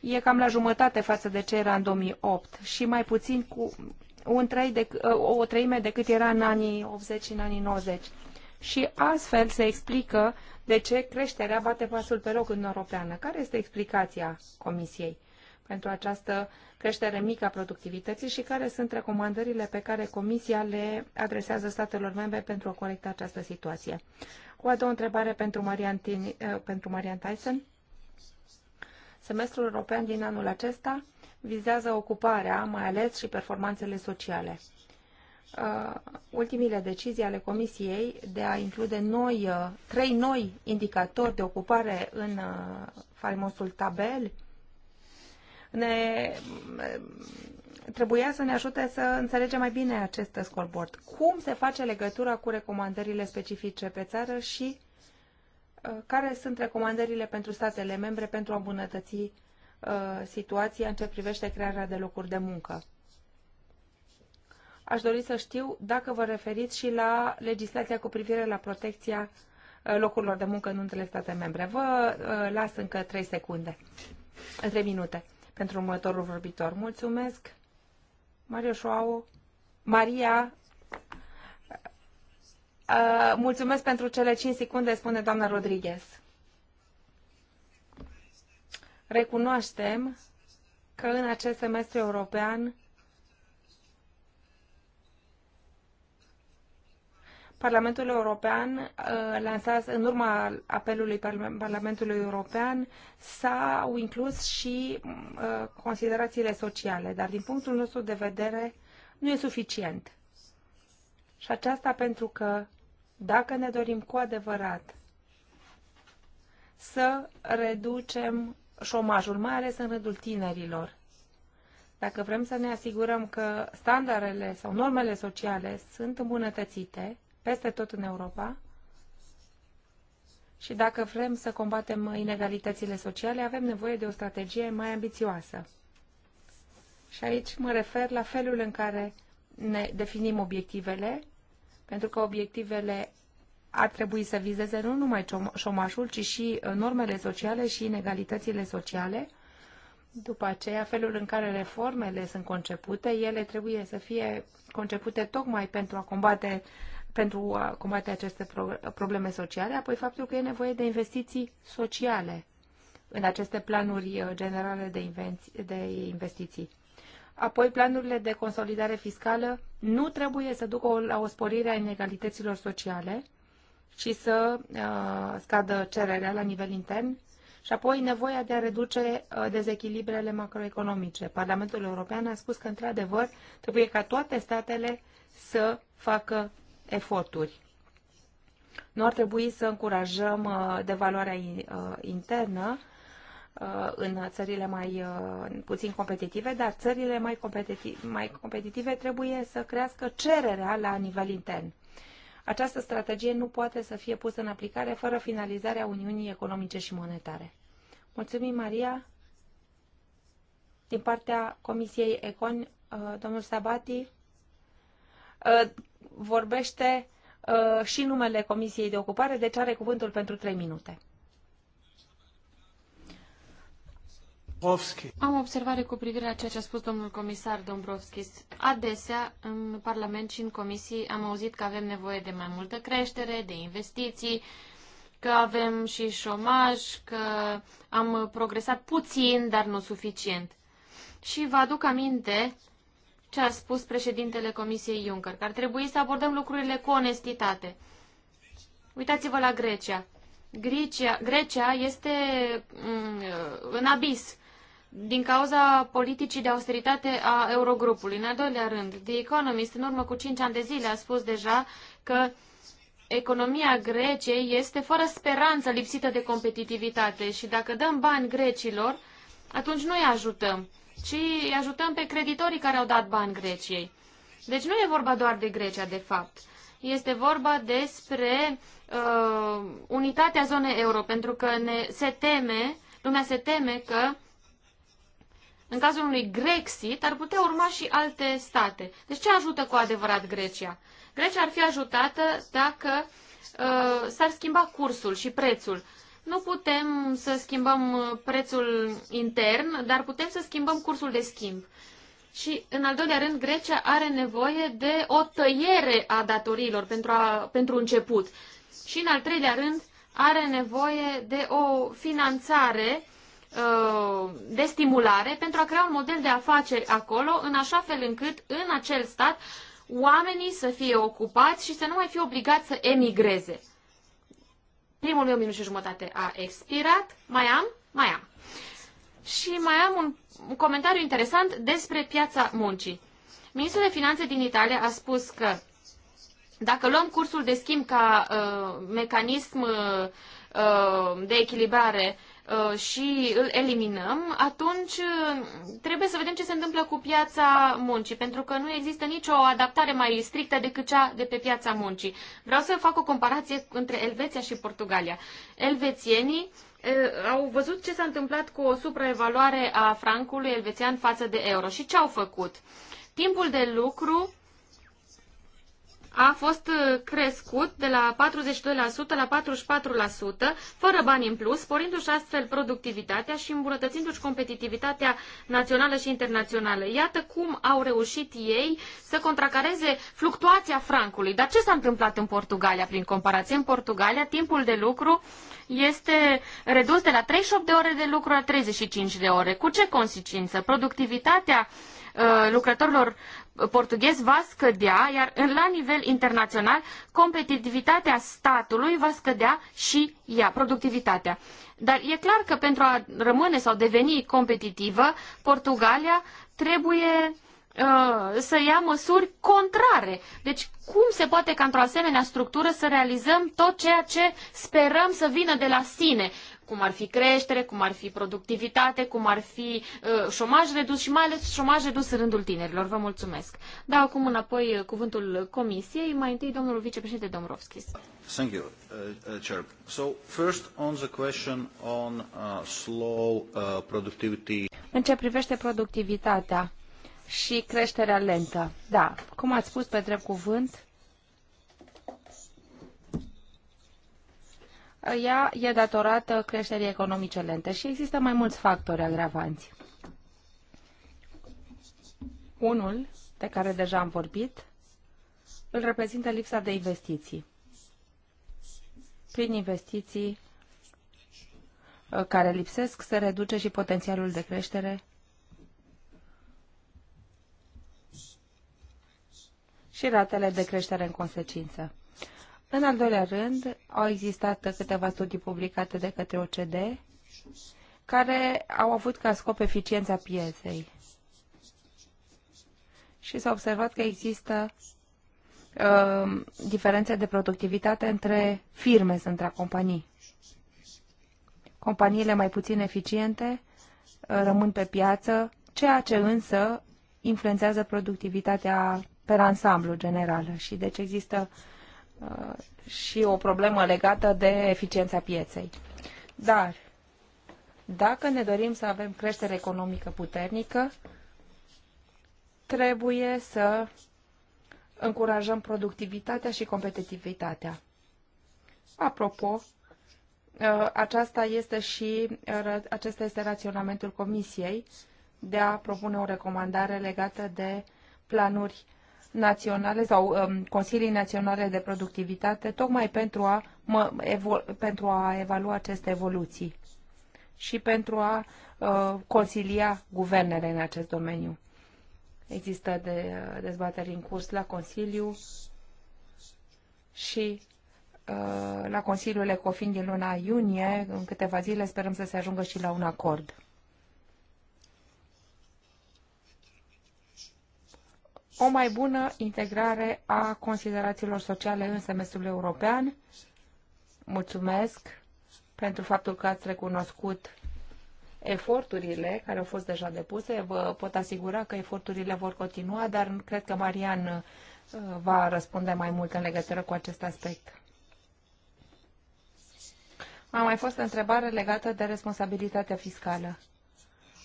e cam la jumătate față de ce era în 2008 și mai puțin cu un trei de, uh, o treime decât era în anii 80 și în anii 90. Și astfel se explică de ce creșterea bate pasul pe loc în Europeană. Care este explicația Comisiei pentru această creștere mică a productivității și care sunt recomandările pe care Comisia le adresează statelor membre pentru a corecta această situație. O a doua întrebare pentru Marian, Tini, eh, pentru Marian Tyson. Semestrul european din anul acesta vizează ocuparea, mai ales și performanțele sociale. Uh, ultimile decizii ale Comisiei de a include noi, uh, trei noi indicatori de ocupare în uh, faimosul tabel ne trebuia să ne ajute să înțelegem mai bine acest scoreboard. Cum se face legătura cu recomandările specifice pe țară și uh, care sunt recomandările pentru statele membre pentru a îmbunătăți uh, situația în ce privește crearea de locuri de muncă? Aș dori să știu dacă vă referiți și la legislația cu privire la protecția uh, locurilor de muncă în unele state membre. Vă las încă 3 secunde, 3 minute pentru următorul vorbitor. Mulțumesc, Mario Șoau, Maria, uh, mulțumesc pentru cele 5 secunde, spune doamna Rodriguez. Recunoaștem că în acest semestru european Parlamentul European, uh, lansat în urma apelului Parlamentului European, s-au inclus și uh, considerațiile sociale, dar din punctul nostru de vedere nu e suficient. Și aceasta pentru că dacă ne dorim cu adevărat să reducem șomajul, mai ales în rândul tinerilor, dacă vrem să ne asigurăm că standardele sau normele sociale sunt îmbunătățite, peste tot în Europa și dacă vrem să combatem inegalitățile sociale, avem nevoie de o strategie mai ambițioasă. Și aici mă refer la felul în care ne definim obiectivele, pentru că obiectivele ar trebui să vizeze nu numai șomajul, ci și uh, normele sociale și inegalitățile sociale. După aceea, felul în care reformele sunt concepute, ele trebuie să fie concepute tocmai pentru a combate pentru a combate aceste probleme sociale, apoi faptul că e nevoie de investiții sociale în aceste planuri uh, generale de, de investiții. Apoi, planurile de consolidare fiscală nu trebuie să ducă la o sporire a inegalităților sociale și să uh, scadă cererea la nivel intern. Și apoi, nevoia de a reduce uh, dezechilibrele macroeconomice. Parlamentul European a spus că, într-adevăr, trebuie ca toate statele să facă eforturi. Nu ar trebui să încurajăm uh, devaluarea uh, internă uh, în țările mai puțin competitive, dar țările mai, competitive, mai competitive trebuie să crească cererea la nivel intern. Această strategie nu poate să fie pusă în aplicare fără finalizarea Uniunii Economice și Monetare. Mulțumim, Maria. Din partea Comisiei Econ, domnul Sabati, vorbește uh, și numele Comisiei de Ocupare, deci are cuvântul pentru trei minute. Am observare cu privire la ceea ce a spus domnul comisar Dombrovskis. Adesea, în Parlament și în comisii, am auzit că avem nevoie de mai multă creștere, de investiții, că avem și șomaj, că am progresat puțin, dar nu suficient. Și vă aduc aminte ce a spus președintele Comisiei Juncker, că ar trebui să abordăm lucrurile cu onestitate. Uitați-vă la Grecia. Grecia, Grecia este mm, în abis din cauza politicii de austeritate a Eurogrupului. În al doilea rând, The Economist, în urmă cu 5 ani de zile, a spus deja că economia Greciei este fără speranță lipsită de competitivitate și dacă dăm bani grecilor, atunci nu îi ajutăm ci îi ajutăm pe creditorii care au dat bani Greciei. Deci nu e vorba doar de Grecia, de fapt. Este vorba despre uh, unitatea zonei euro, pentru că ne, se teme, lumea se teme că în cazul unui Grexit ar putea urma și alte state. Deci ce ajută cu adevărat Grecia? Grecia ar fi ajutată dacă uh, s-ar schimba cursul și prețul. Nu putem să schimbăm uh, prețul intern, dar putem să schimbăm cursul de schimb. Și, în al doilea rând, Grecia are nevoie de o tăiere a datoriilor pentru, a, pentru început. Și, în al treilea rând, are nevoie de o finanțare uh, de stimulare pentru a crea un model de afaceri acolo, în așa fel încât în acel stat oamenii să fie ocupați și să nu mai fie obligați să emigreze. Primul meu minut și jumătate a expirat. Mai am? Mai am. Și mai am un comentariu interesant despre piața muncii. Ministrul de Finanțe din Italia a spus că dacă luăm cursul de schimb ca uh, mecanism uh, uh de echilibrare Uh, și îl eliminăm, atunci uh, trebuie să vedem ce se întâmplă cu piața muncii, pentru că nu există nicio adaptare mai strictă decât cea de pe piața muncii. Vreau să fac o comparație între Elveția și Portugalia. Elvețienii uh, au văzut ce s-a întâmplat cu o supraevaluare a francului elvețian față de euro și ce au făcut. Timpul de lucru a fost uh, crescut de la 42% la 44%, fără bani în plus, sporindu-și astfel productivitatea și îmbunătățindu-și competitivitatea națională și internațională. Iată cum au reușit ei să contracareze fluctuația francului. Dar ce s-a întâmplat în Portugalia? Prin comparație, în Portugalia, timpul de lucru este redus de la 38 de ore de lucru la 35 de ore. Cu ce consecință? Productivitatea uh, lucrătorilor portughez va scădea, iar la nivel internațional competitivitatea statului va scădea și ea, productivitatea. Dar e clar că pentru a rămâne sau deveni competitivă, Portugalia trebuie uh, să ia măsuri contrare. Deci cum se poate ca într-o asemenea structură să realizăm tot ceea ce sperăm să vină de la sine? cum ar fi creștere, cum ar fi productivitate, cum ar fi uh, șomaj redus și mai ales șomaj redus în rândul tinerilor. Vă mulțumesc. Da, acum înapoi uh, cuvântul Comisiei, mai întâi domnul vicepreședinte Domrovskis. Thank you, uh, uh, Chair. So, first on the question on uh, slow uh, productivity. În ce privește productivitatea și creșterea lentă, da, cum ați spus pe drept cuvânt, ea e datorată creșterii economice lente și există mai mulți factori agravanți. Unul, de care deja am vorbit, îl reprezintă lipsa de investiții. Prin investiții uh, care lipsesc, se reduce și potențialul de creștere și ratele de creștere în consecință. În al doilea rând, au existat câteva studii publicate de către OCD care au avut ca scop eficiența pieței. Și s-a observat că există uh, diferențe de productivitate între firme, între companii. Companiile mai puțin eficiente uh, rămân pe piață, ceea ce însă influențează productivitatea pe ansamblu general. Și deci există uh, Uh, și o problemă legată de eficiența pieței. Dar dacă ne dorim să avem creștere economică puternică, trebuie să încurajăm productivitatea și competitivitatea. Apropo, uh, aceasta este și, uh, acesta este raționamentul Comisiei de a propune o recomandare legată de planuri naționale sau um, Consilii Naționale de Productivitate, tocmai pentru a, mă, pentru a evalua aceste evoluții și pentru a uh, consilia guvernele în acest domeniu. Există de, uh, dezbateri în curs la Consiliu și uh, la Consiliul Ecofin din luna iunie, în câteva zile, sperăm să se ajungă și la un acord. o mai bună integrare a considerațiilor sociale în semestrul european. Mulțumesc pentru faptul că ați recunoscut eforturile care au fost deja depuse. Vă pot asigura că eforturile vor continua, dar cred că Marian uh, va răspunde mai mult în legătură cu acest aspect. A mai fost întrebare legată de responsabilitatea fiscală.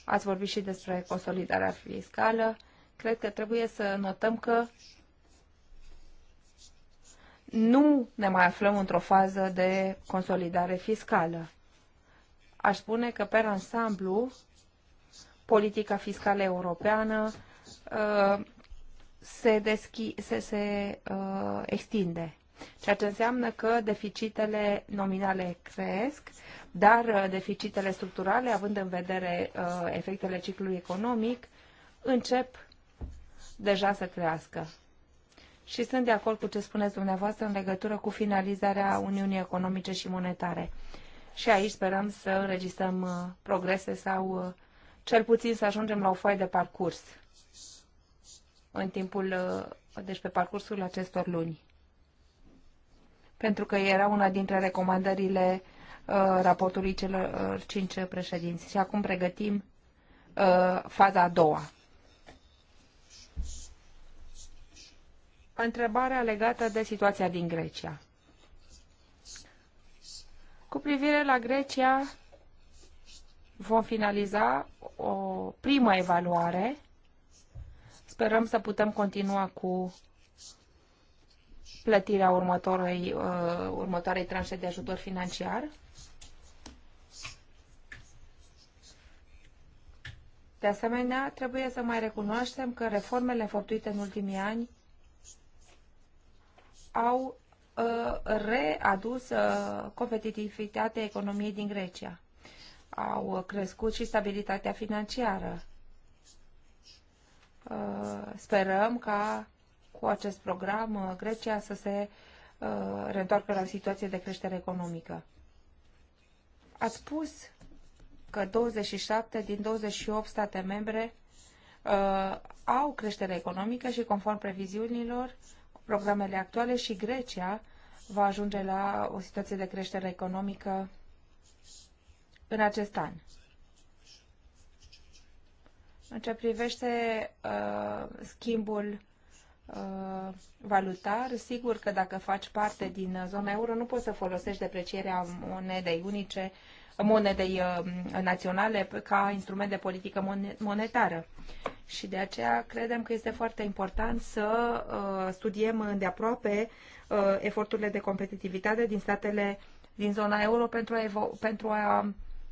Ați vorbit și despre consolidarea fiscală cred că trebuie să notăm că nu ne mai aflăm într-o fază de consolidare fiscală. Aș spune că, pe ansamblu, politica fiscală europeană uh, se, deschi, se, se uh, extinde. Ceea ce înseamnă că deficitele nominale cresc, dar uh, deficitele structurale, având în vedere uh, efectele ciclului economic, încep deja să crească. Și sunt de acord cu ce spuneți dumneavoastră în legătură cu finalizarea Uniunii Economice și Monetare. Și aici sperăm să înregistrăm uh, progrese sau uh, cel puțin să ajungem la o foaie de parcurs în timpul, uh, deci pe parcursul acestor luni. Pentru că era una dintre recomandările raportului celor cinci președinți. Și acum pregătim faza a doua. întrebarea legată de situația din Grecia. Cu privire la Grecia, vom finaliza o primă evaluare. Sperăm să putem continua cu plătirea următoarei, uh, următoarei tranșe de ajutor financiar. De asemenea, trebuie să mai recunoaștem că reformele făptuite în ultimii ani au uh, readus uh, competitivitatea economiei din Grecia. Au crescut și stabilitatea financiară. Uh, sperăm ca cu acest program Grecia să se reîntoarcă la situație de creștere economică. Ați spus că 27 din 28 state membre au creștere economică și conform previziunilor uh, programele actuale și Grecia va ajunge la o situație de creștere economică în acest an. În ce privește uh, schimbul uh, valutar, sigur că dacă faci parte din uh, zona euro, nu poți să folosești deprecierea monedei unice monedei uh, naționale ca instrument de politică monetară. Și de aceea credem că este foarte important să uh, studiem îndeaproape uh, eforturile de competitivitate din statele din zona euro pentru a, pentru a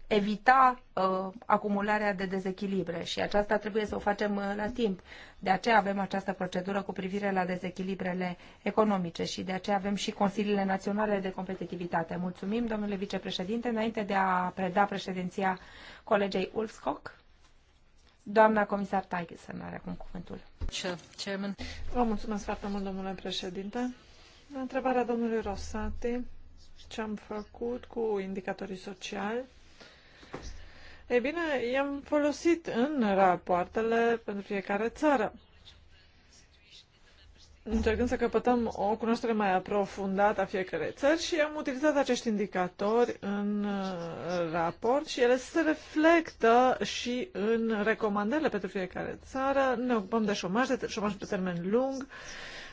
evita uh, acumularea de dezechilibre și aceasta trebuie să o facem uh, la timp. De aceea avem această procedură cu privire la dezechilibrele economice și de aceea avem și Consiliile Naționale de Competitivitate. Mulțumim, domnule vicepreședinte, înainte de a preda președinția colegei Ulfskog. Doamna comisar să are acum cuvântul. Vă mulțumesc foarte mult, domnule președinte. Întrebarea domnului Rosati, ce am făcut cu indicatorii sociali ei bine, i-am folosit în rapoartele pentru fiecare țară, încercând să căpătăm o cunoaștere mai aprofundată a fiecărei țări și am utilizat acești indicatori în uh, raport și ele se reflectă și în recomandările pentru fiecare țară. Ne ocupăm de șomaj, de șomaj pe termen lung,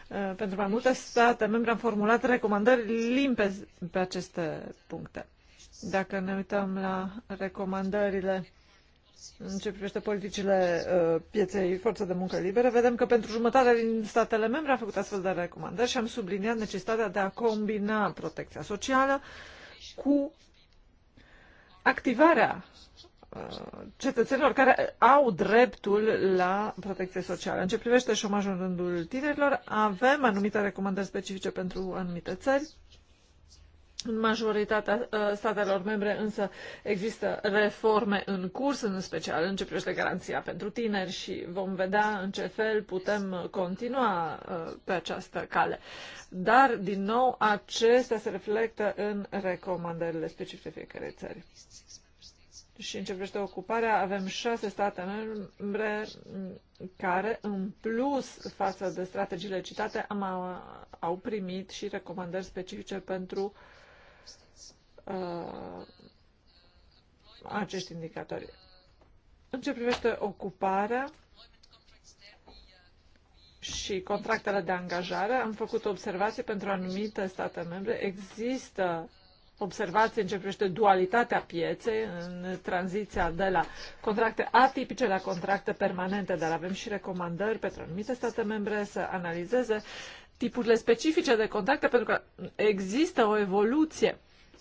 uh, pentru mai multe state membri am formulat recomandări limpezi pe aceste puncte. Dacă ne uităm la recomandările în ce privește politicile uh, pieței forță de muncă liberă, vedem că pentru jumătate din statele membre a făcut astfel de recomandări și am subliniat necesitatea de a combina protecția socială cu activarea uh, cetățenilor care au dreptul la protecție socială. În ce privește șomajul în rândul tinerilor, avem anumite recomandări specifice pentru anumite țări în majoritatea uh, statelor membre însă există reforme în curs, în special în ce privește garanția pentru tineri și vom vedea în ce fel putem uh, continua uh, pe această cale. Dar, din nou, acestea se reflectă în recomandările specifice fiecare țări. Și în ce privește ocuparea, avem șase state membre care, în plus față de strategiile citate, am, au primit și recomandări specifice pentru uh, uh, acești indicatori. În ce privește ocuparea și contractele de angajare, am făcut observații pentru anumite state membre. Există observații în ce privește dualitatea pieței în tranziția de la contracte atipice la contracte permanente, dar avem și recomandări pentru anumite state membre să analizeze tipurile specifice de contracte, pentru că există o evoluție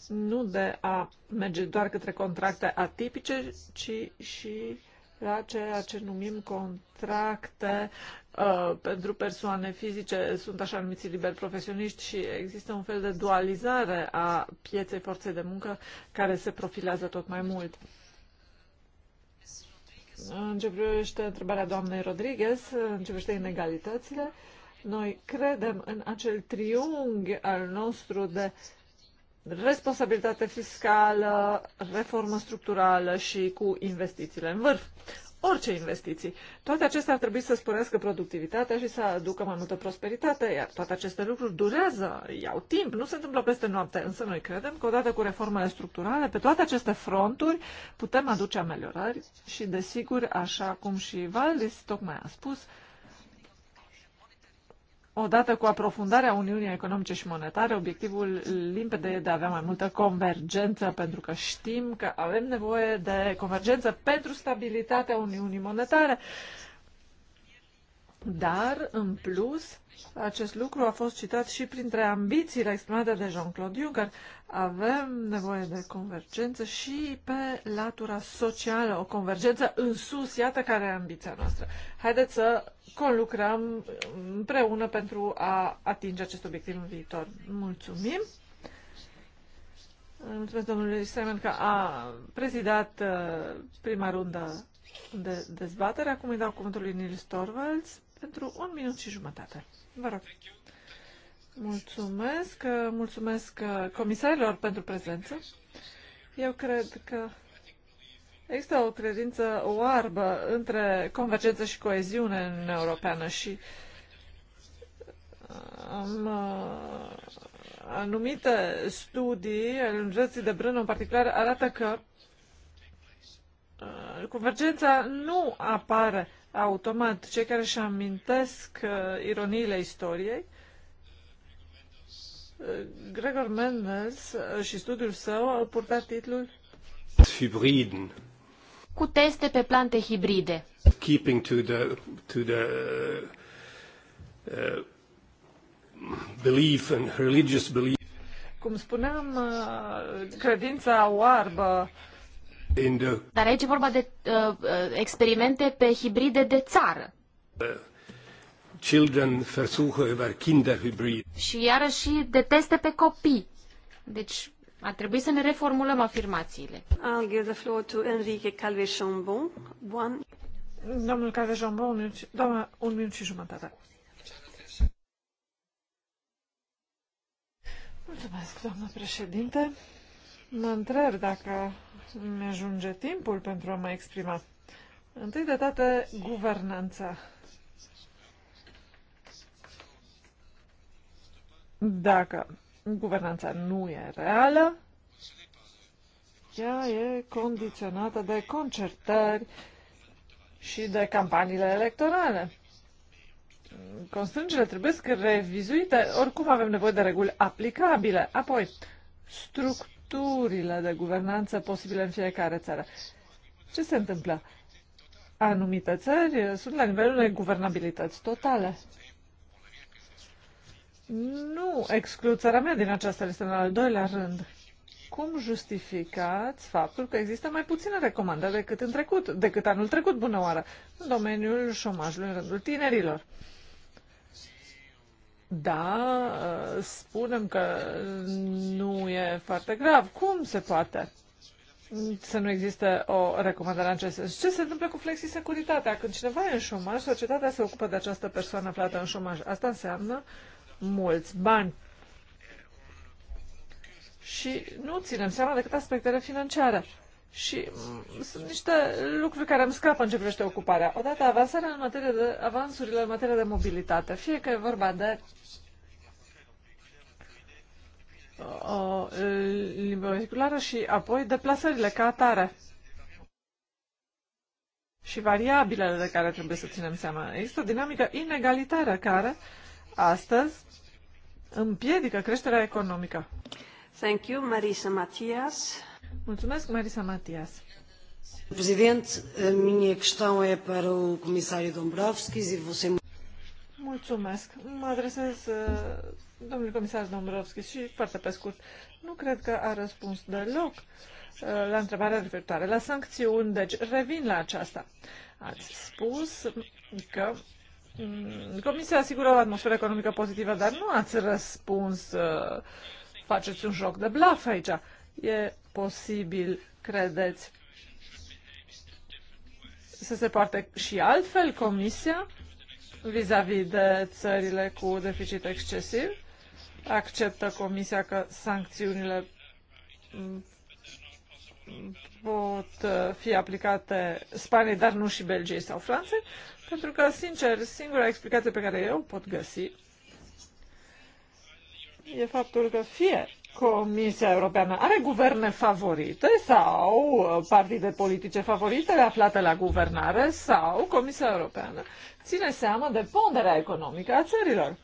nu de a merge doar către contracte atipice, ci și la ceea ce numim contracte uh, pentru persoane fizice, sunt așa numiți liberi profesioniști și există un fel de dualizare a pieței forței de muncă care se profilează tot mai mult. În ce privește întrebarea doamnei Rodriguez, în ce privește inegalitățile, noi credem în acel triunghi al nostru de uh, responsabilitate fiscală, reformă structurală și cu investițiile în vârf. Orice investiții. Toate acestea ar trebui să sporească productivitatea și să aducă mai multă prosperitate, iar toate aceste lucruri durează, iau timp, nu se întâmplă peste noapte, însă noi credem că odată cu reformele structurale, pe toate aceste fronturi putem aduce ameliorări și, desigur, așa cum și Valdis tocmai a spus, Odată cu aprofundarea Uniunii Economice și Monetare, obiectivul limpede e de a avea mai multă convergență, pentru că știm că avem nevoie de convergență pentru stabilitatea Uniunii Monetare. Dar, în plus, acest lucru a fost citat și printre ambițiile exprimate de Jean-Claude Juncker. Avem nevoie de convergență și pe latura socială, o convergență în sus, iată care e ambiția noastră. Haideți să conlucrăm împreună pentru a atinge acest obiectiv în viitor. Mulțumim! Mulțumesc domnului Simon că a prezidat uh, prima rundă de dezbatere. Acum îi dau cuvântul lui Nils Torvalds pentru un minut și jumătate. Vă rog. Mulțumesc, mulțumesc comisarilor pentru prezență. Eu cred că există o credință oarbă între convergență și coeziune în Uniunea Europeană și uh, am uh, anumite studii ale Universității de Brână, în particular arată că uh, convergența nu apare automat cei care își amintesc uh, ironiile istoriei. Uh, Gregor Mendels uh, și studiul său au purtat titlul Hybriden. Cu teste pe plante hibride. Keeping to the, to the uh, belief and religious belief. Cum spuneam, uh, credința oarbă uh, dar aici e vorba de uh, uh experimente pe hibride de țară. Uh, children versuche über Kinderhybrid. Și iarăși de teste pe copii. Deci a trebuit să ne reformulăm afirmațiile. I'll give the floor to Enrique calvé One... Domnul Calvé-Chambon, un, minut, doamna, un minut și jumătate. Mulțumesc, doamnă președinte. Mă întreb dacă îmi ajunge timpul pentru a mă exprima. Întâi de toate, guvernanța. Dacă guvernanța nu e reală, ea e condiționată de concertări și de campaniile electorale. Constrângerile trebuie să revizuite, oricum avem nevoie de reguli aplicabile. Apoi, structură structurile de guvernanță posibile în fiecare țară. Ce se întâmplă? Anumite țări sunt la nivelul unei guvernabilități totale. Nu exclud țara mea din această listă în al doilea rând. Cum justificați faptul că există mai puține recomandări decât în trecut, decât anul trecut, bună oară, în domeniul șomajului în rândul tinerilor? Da, spunem că nu e foarte grav. Cum se poate să nu existe o recomandare în acest sens? Ce se întâmplă cu flexisecuritatea? Când cineva e în șomaj, societatea se ocupă de această persoană aflată în șomaj. Asta înseamnă mulți bani. Și nu ținem seama decât aspectele financiare. Și mm, sunt niște lucruri care îmi scapă în ce privește ocuparea. Odată avansarea în materie de, avansurile în materie de mobilitate, fie că e vorba de o limbă vehiculară și apoi deplasările ca atare și variabilele de care trebuie să ținem seama. Există o dinamică inegalitară care astăzi împiedică creșterea economică. Thank you, Marisa Matias. Mulțumesc, Marisa Matias. Președinte, a minha questão é para o comissário Dombrovskis e você... Mulțumesc. Mă adresez uh, domnului comisar Dombrovskis și foarte pe scurt. Nu cred că a răspuns deloc uh, la întrebarea referitoare la sancțiuni, deci revin la aceasta. Ați spus că mm, Comisia asigură o atmosferă economică pozitivă, dar nu ați răspuns, uh, faceți un joc de blaf aici. E posibil, credeți? Să se poarte și altfel Comisia vis-a-vis -vis de țările cu deficit excesiv? Acceptă Comisia că sancțiunile pot fi aplicate Spaniei, dar nu și Belgiei sau Franței, pentru că, sincer, singura explicație pe care eu pot găsi e faptul că fie Comisia Europeană are guverne favorite sau uh, partide politice favorite aflate la guvernare sau Comisia Europeană ține seama de ponderea economică a țărilor.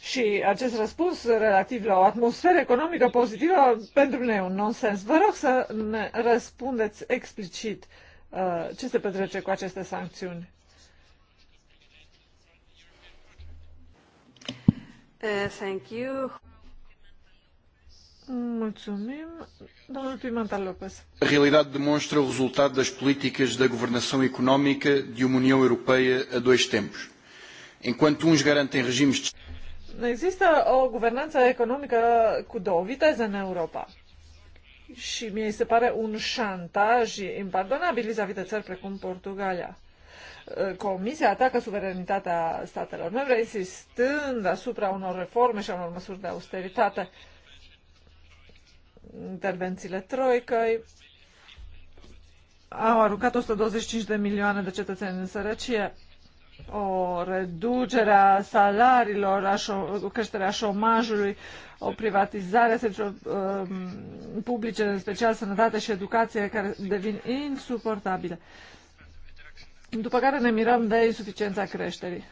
Și acest răspuns relativ la o atmosferă economică pozitivă pentru mine e un nonsens. Vă rog să ne răspundeți explicit uh, ce se petrece cu aceste sancțiuni. Uh, thank you. Mulțumim. Domnul Pimentel Lopes. A realidade demonstra o resultado das políticas da governação económica de uma União Europeia a dois tempos. Enquanto uns garantem regimes de... Există o guvernanță economică cu două viteze în Europa. Și mie se pare un șantaj impardonabil vis a -vis de țări precum Portugalia. Comisia atacă suveranitatea statelor membre, insistând asupra unor reforme și a unor măsuri de austeritate. Uh, intervențiile troicăi au aruncat 125 de milioane de cetățeni în sărăcie, o reducere a salariilor, a șo- o creștere a șomajului, o privatizare a serviciilor uh, publice, în special sănătate și educație, care devin insuportabile. După care ne mirăm de insuficiența creșterii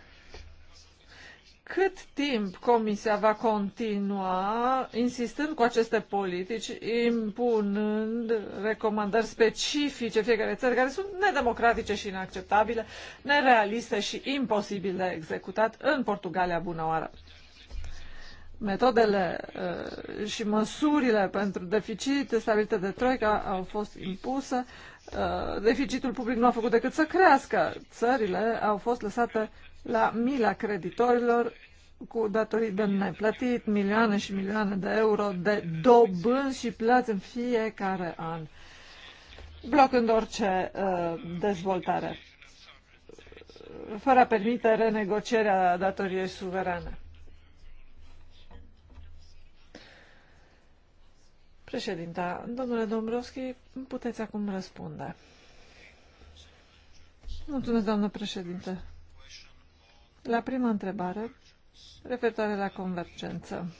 cât timp Comisia va continua insistând cu aceste politici, impunând recomandări specifice fiecare țări care sunt nedemocratice și inacceptabile, nerealiste și imposibil de executat în Portugalia bună oară. Metodele uh, și măsurile pentru deficit stabilite de Troica au fost impuse. Uh, deficitul public nu a făcut decât să crească. Țările au fost lăsate la mila creditorilor cu datorii de neplătit, milioane și milioane de euro de dobânzi și plăți în fiecare an, blocând orice uh, dezvoltare, fără a permite renegocierea datoriei suverane. Președinta, domnule Dombrovski, puteți acum răspunde. Mulțumesc, doamnă președinte. La prima întrebare, referitoare la convergență.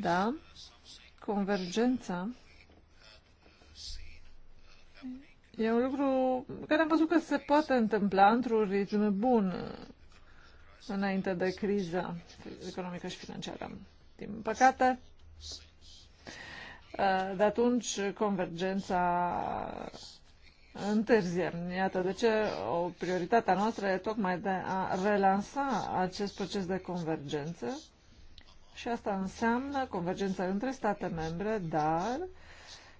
Da, convergența e un lucru care am văzut că se poate întâmpla într-un ritm bun înainte de criza economică și financiară. Din păcate, de atunci convergența întârzie. Iată de ce o prioritatea noastră e tocmai de a relansa acest proces de convergență și asta înseamnă convergență între state membre, dar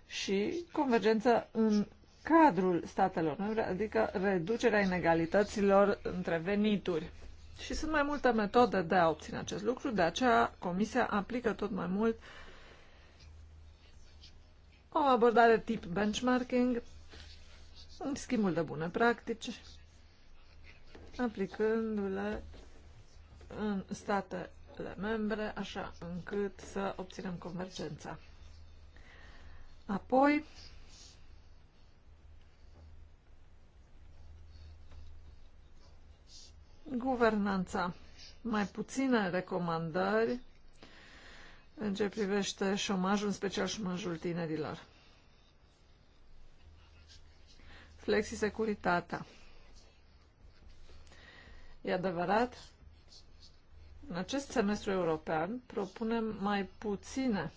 și convergență în cadrul statelor membre, adică reducerea inegalităților între venituri. Și sunt mai multe metode de a obține acest lucru, de aceea Comisia aplică tot mai mult o abordare tip benchmarking în schimbul de bune practici, aplicându-le în statele membre, așa încât să obținem convergența. Apoi, guvernanța. Mai puține recomandări în ce privește șomajul, în special șomajul tinerilor. flexisecuritatea. E adevărat, în acest semestru european propunem mai puține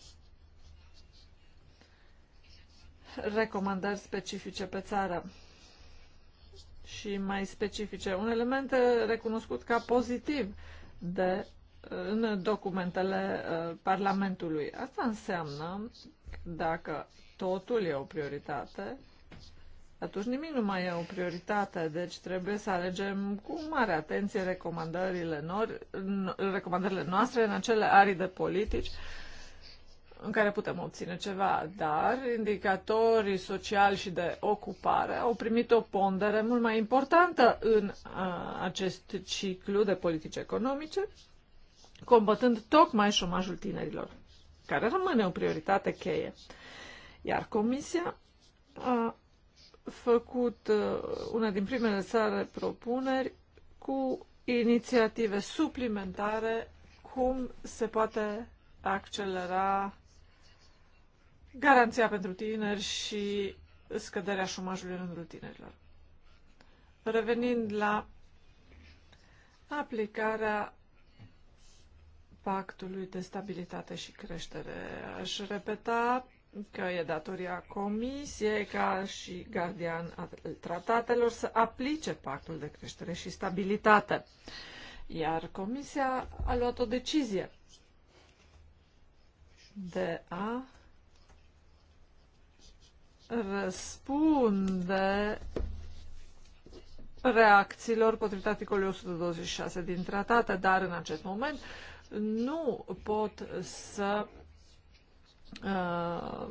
recomandări specifice pe țară și mai specifice. Un element recunoscut ca pozitiv de, în documentele uh, Parlamentului. Asta înseamnă, dacă totul e o prioritate, atunci nimic nu mai e o prioritate, deci trebuie să alegem cu mare atenție recomandările, nor, recomandările noastre în acele arii de politici în care putem obține ceva, dar indicatorii sociali și de ocupare au primit o pondere mult mai importantă în a, acest ciclu de politici economice, combătând tocmai șomajul tinerilor, care rămâne o prioritate cheie. Iar Comisia a făcut uh, una din primele sale propuneri cu inițiative suplimentare cum se poate accelera garanția pentru tineri și scăderea șomajului în rândul tinerilor. Revenind la aplicarea pactului de stabilitate și creștere, aș repeta că e datoria Comisiei ca și gardian al tratatelor să aplice pactul de creștere și stabilitate. Iar Comisia a luat o decizie de a răspunde reacțiilor potrivit articolului 126 din tratate, dar în acest moment nu pot să Uh,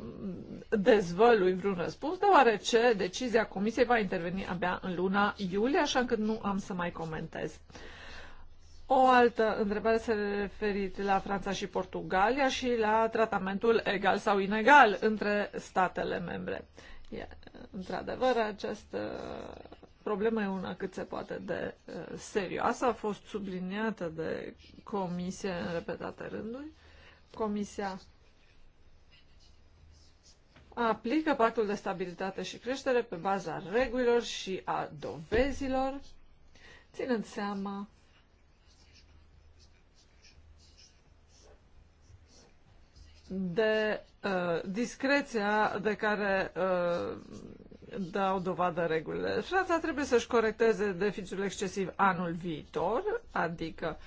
dezvălui vreun răspuns, deoarece decizia comisiei va interveni abia în luna iulie, așa încât nu am să mai comentez. O altă întrebare se referit la Franța și Portugalia și la tratamentul egal sau inegal între statele membre. Într-adevăr, această problemă e una cât se poate de uh, serioasă, a fost subliniată de comisie în repetate rânduri. Comisia aplică pactul de stabilitate și creștere pe baza regulilor și a dovezilor, ținând seama de uh, discreția de care uh, dau dovadă regulile. Franța trebuie să-și corecteze deficitul excesiv anul viitor, adică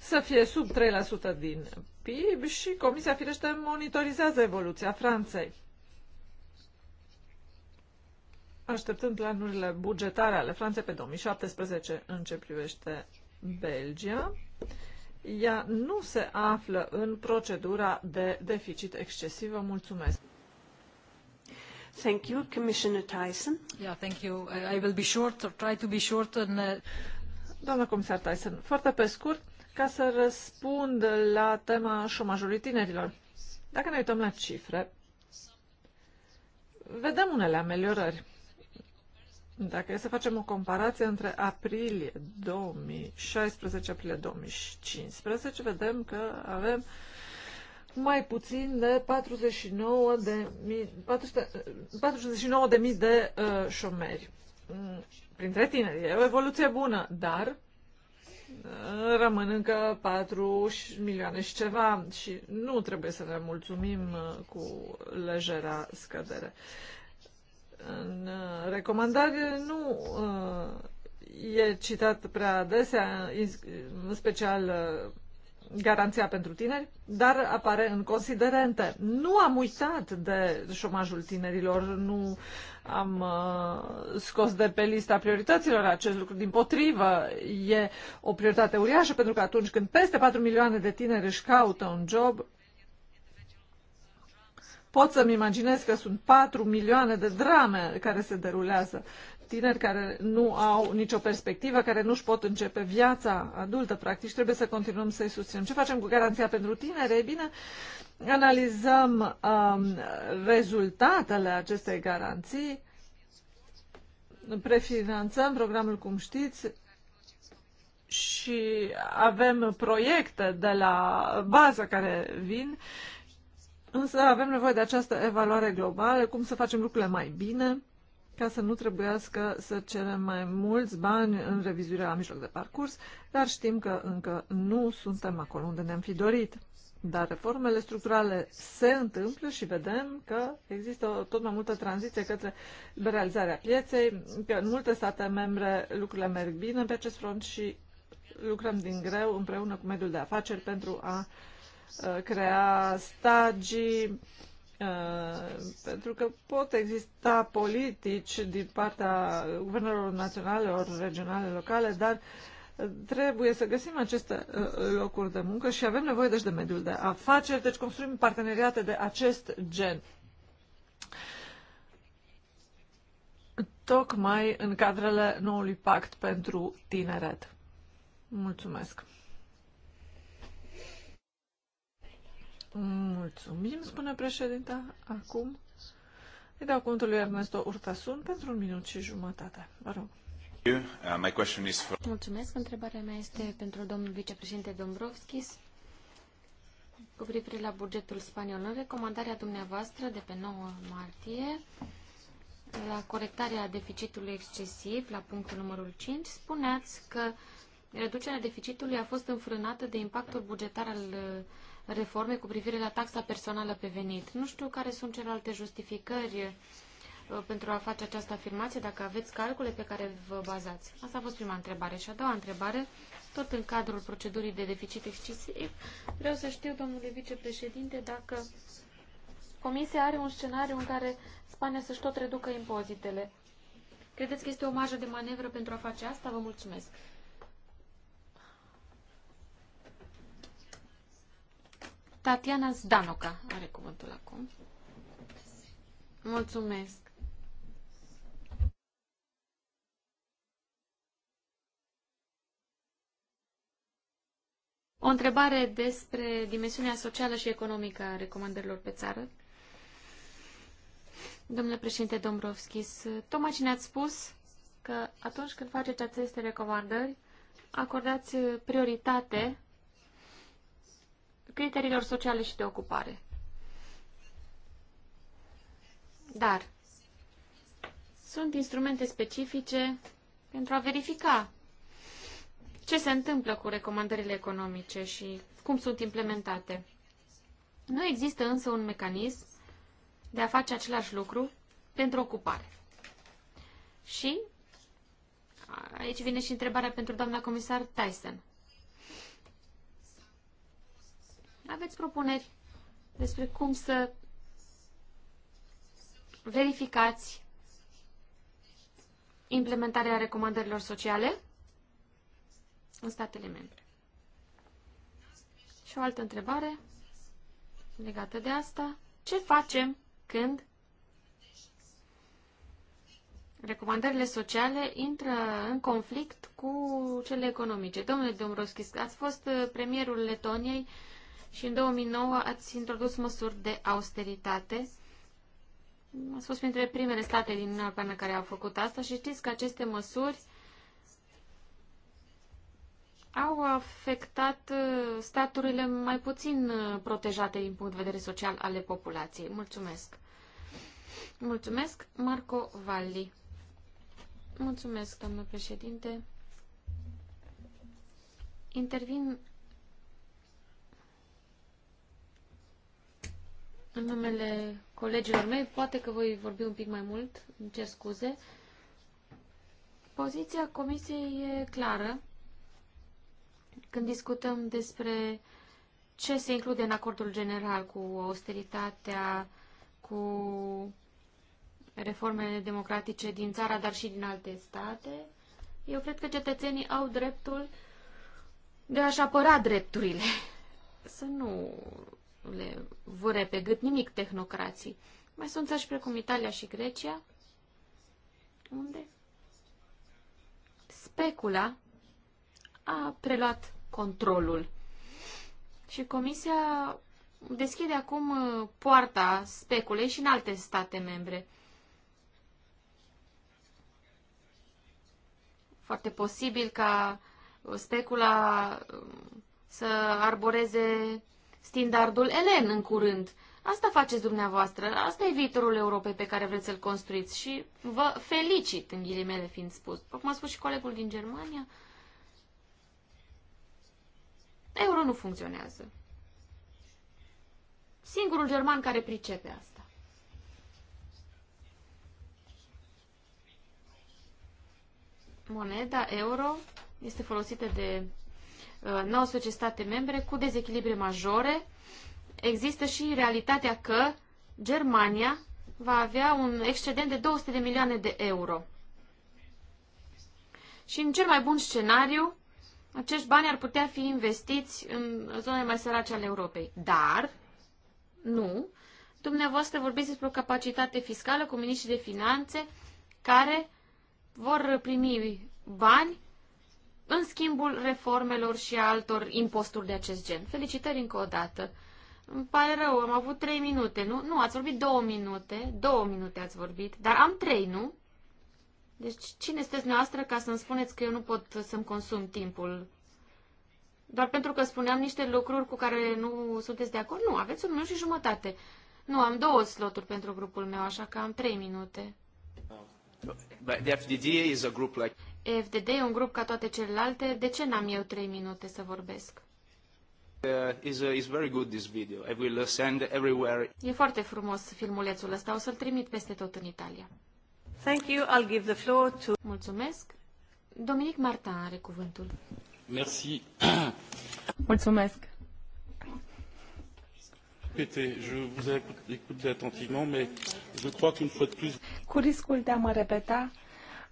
să fie sub 3% din PIB și Comisia Firește monitorizează evoluția Franței așteptând planurile bugetare ale Franței pe 2017 în ce privește Belgia. Ea nu se află în procedura de deficit excesiv. Vă mulțumesc. Thank you, Commissioner Tyson. Yeah, thank you. I will be short or try to be short and uh... Doamna comisar Tyson, foarte pe scurt, ca să răspund la tema șomajului tinerilor. Dacă ne uităm la cifre, vedem unele ameliorări. Dacă e să facem o comparație între aprilie 2016 aprilie 2015, vedem că avem mai puțin de 49 de, 400, 49 de, mii de uh, șomeri. Mm, printre tineri e o evoluție bună, dar uh, rămân încă 4 milioane și ceva și nu trebuie să ne mulțumim uh, cu lejera scădere. Uh, în uh, recomandare nu uh, e citat prea adesea, în special uh, garanția pentru tineri, dar apare în considerente. Nu am uitat de șomajul tinerilor, nu am uh, scos de pe lista priorităților acest lucru. Din potrivă, e o prioritate uriașă, pentru că atunci când peste 4 milioane de tineri își caută un job, Pot să-mi imaginez că sunt 4 milioane de drame care se derulează. Tineri care nu au nicio perspectivă, care nu-și pot începe viața adultă, practic, trebuie să continuăm să-i susținem. Ce facem cu garanția pentru tineri? Ei bine, analizăm um, rezultatele acestei garanții, prefinanțăm programul, cum știți, și avem proiecte de la bază care vin Însă avem nevoie de această evaluare globală, cum să facem lucrurile mai bine, ca să nu trebuiască să cerem mai mulți bani în revizuirea la mijloc de parcurs, dar știm că încă nu suntem acolo unde ne-am fi dorit. Dar reformele structurale se întâmplă și vedem că există tot mai multă tranziție către liberalizarea pieței, că în multe state membre lucrurile merg bine pe acest front și lucrăm din greu împreună cu mediul de afaceri pentru a uh, Uh, crea stagii, uh, pentru că pot exista politici din partea guvernelor naționale, regionale, locale, dar uh, trebuie să găsim aceste locuri de muncă și avem nevoie deci de mediul de afaceri, deci construim parteneriate de acest gen. Tocmai în cadrele noului pact pentru tineret. Mulțumesc! Mulțumim, spune președinta. Acum îi dau cuvântul lui Ernesto Urtasun pentru un minut și jumătate. Vă rog. Uh, Mulțumesc. Întrebarea mea este pentru domnul vicepreședinte Dombrovskis. Cu privire la bugetul spaniol, în recomandarea dumneavoastră de pe 9 martie, la corectarea deficitului excesiv, la punctul numărul 5, spuneați că reducerea deficitului a fost înfrânată de impactul bugetar al uh, reforme cu privire la taxa personală pe venit. Nu știu care sunt celelalte justificări uh, pentru a face această afirmație, dacă aveți calcule pe care vă bazați. Asta a fost prima întrebare. Și a doua întrebare, tot în cadrul procedurii de deficit excesiv, vreau să știu, domnule vicepreședinte, dacă Comisia are un scenariu în care Spania să-și tot reducă impozitele. Credeți că este o marjă de manevră pentru a face asta? Vă mulțumesc. Tatiana Zdanoca are cuvântul acum. Mulțumesc. O întrebare despre dimensiunea socială și economică a recomandărilor pe țară. Domnule președinte Dombrovskis, tocmai cine ați spus că atunci când faceți aceste recomandări, acordați prioritate criteriilor sociale și de ocupare. Dar sunt instrumente specifice pentru a verifica ce se întâmplă cu recomandările economice și cum sunt implementate. Nu există însă un mecanism de a face același lucru pentru ocupare. Și aici vine și întrebarea pentru doamna comisar Tyson. Aveți propuneri despre cum să verificați implementarea recomandărilor sociale în statele membre. Și o altă întrebare legată de asta. Ce facem când recomandările sociale intră în conflict cu cele economice? Domnule Domrovskis, ați fost premierul Letoniei uh, și în 2009 ați introdus măsuri de austeritate. Ați fost printre primele state din Uniunea Europeană care au făcut asta și știți că aceste măsuri au afectat uh, staturile mai puțin uh, protejate din punct de vedere social ale populației. Mulțumesc! Mulțumesc, Marco Valli. Mulțumesc, doamnă președinte. Intervin În numele colegilor mei, poate că voi vorbi un pic mai mult, îmi cer scuze. Poziția comisiei e clară când discutăm despre ce se include în acordul general cu austeritatea, cu reformele democratice din țara, dar și din alte state. Eu cred că cetățenii au dreptul de a-și apăra drepturile. Să nu le vâre pe gât nimic tehnocrații. Mai sunt țări precum Italia și Grecia, unde specula a preluat controlul. Și Comisia deschide acum uh, poarta speculei și în alte state membre. Foarte posibil ca specula um, să arboreze standardul elen în curând. Asta faceți dumneavoastră, asta e viitorul Europei pe care vreți să-l construiți și vă felicit, în ghilimele fiind spus. Cum a spus și colegul din Germania, euro nu funcționează. Singurul german care pricepe asta. Moneda euro este folosită de 19 uh, state membre cu dezechilibre majore, există și realitatea că Germania va avea un excedent de 200 de milioane de euro. Și în cel mai bun scenariu, acești bani ar putea fi investiți în zonele mai sărace ale Europei. Dar, nu, dumneavoastră vorbiți despre o capacitate fiscală cu miniștri de finanțe care vor primi bani în schimbul reformelor și a altor imposturi de acest gen. Felicitări încă o dată. Îmi pare rău, am avut trei minute, nu? Nu, ați vorbit două minute, două minute ați vorbit, dar am trei, nu? Deci cine sunteți noastră ca să-mi spuneți că eu nu pot să-mi consum timpul? Doar pentru că spuneam niște lucruri cu care nu sunteți de acord? Nu, aveți un minut și jumătate. Nu, am două sloturi pentru grupul meu, așa că am trei minute. But the FDD is a group like... EFDD e un grup ca toate celelalte. De ce n-am eu trei minute să vorbesc? Uh, uh, uh, e foarte frumos filmulețul ăsta. O să-l trimit peste tot în Italia. Thank you. I'll give the floor to... Mulțumesc. Dominic Martin are cuvântul. Merci. Mulțumesc. Cu riscul de a mă repeta,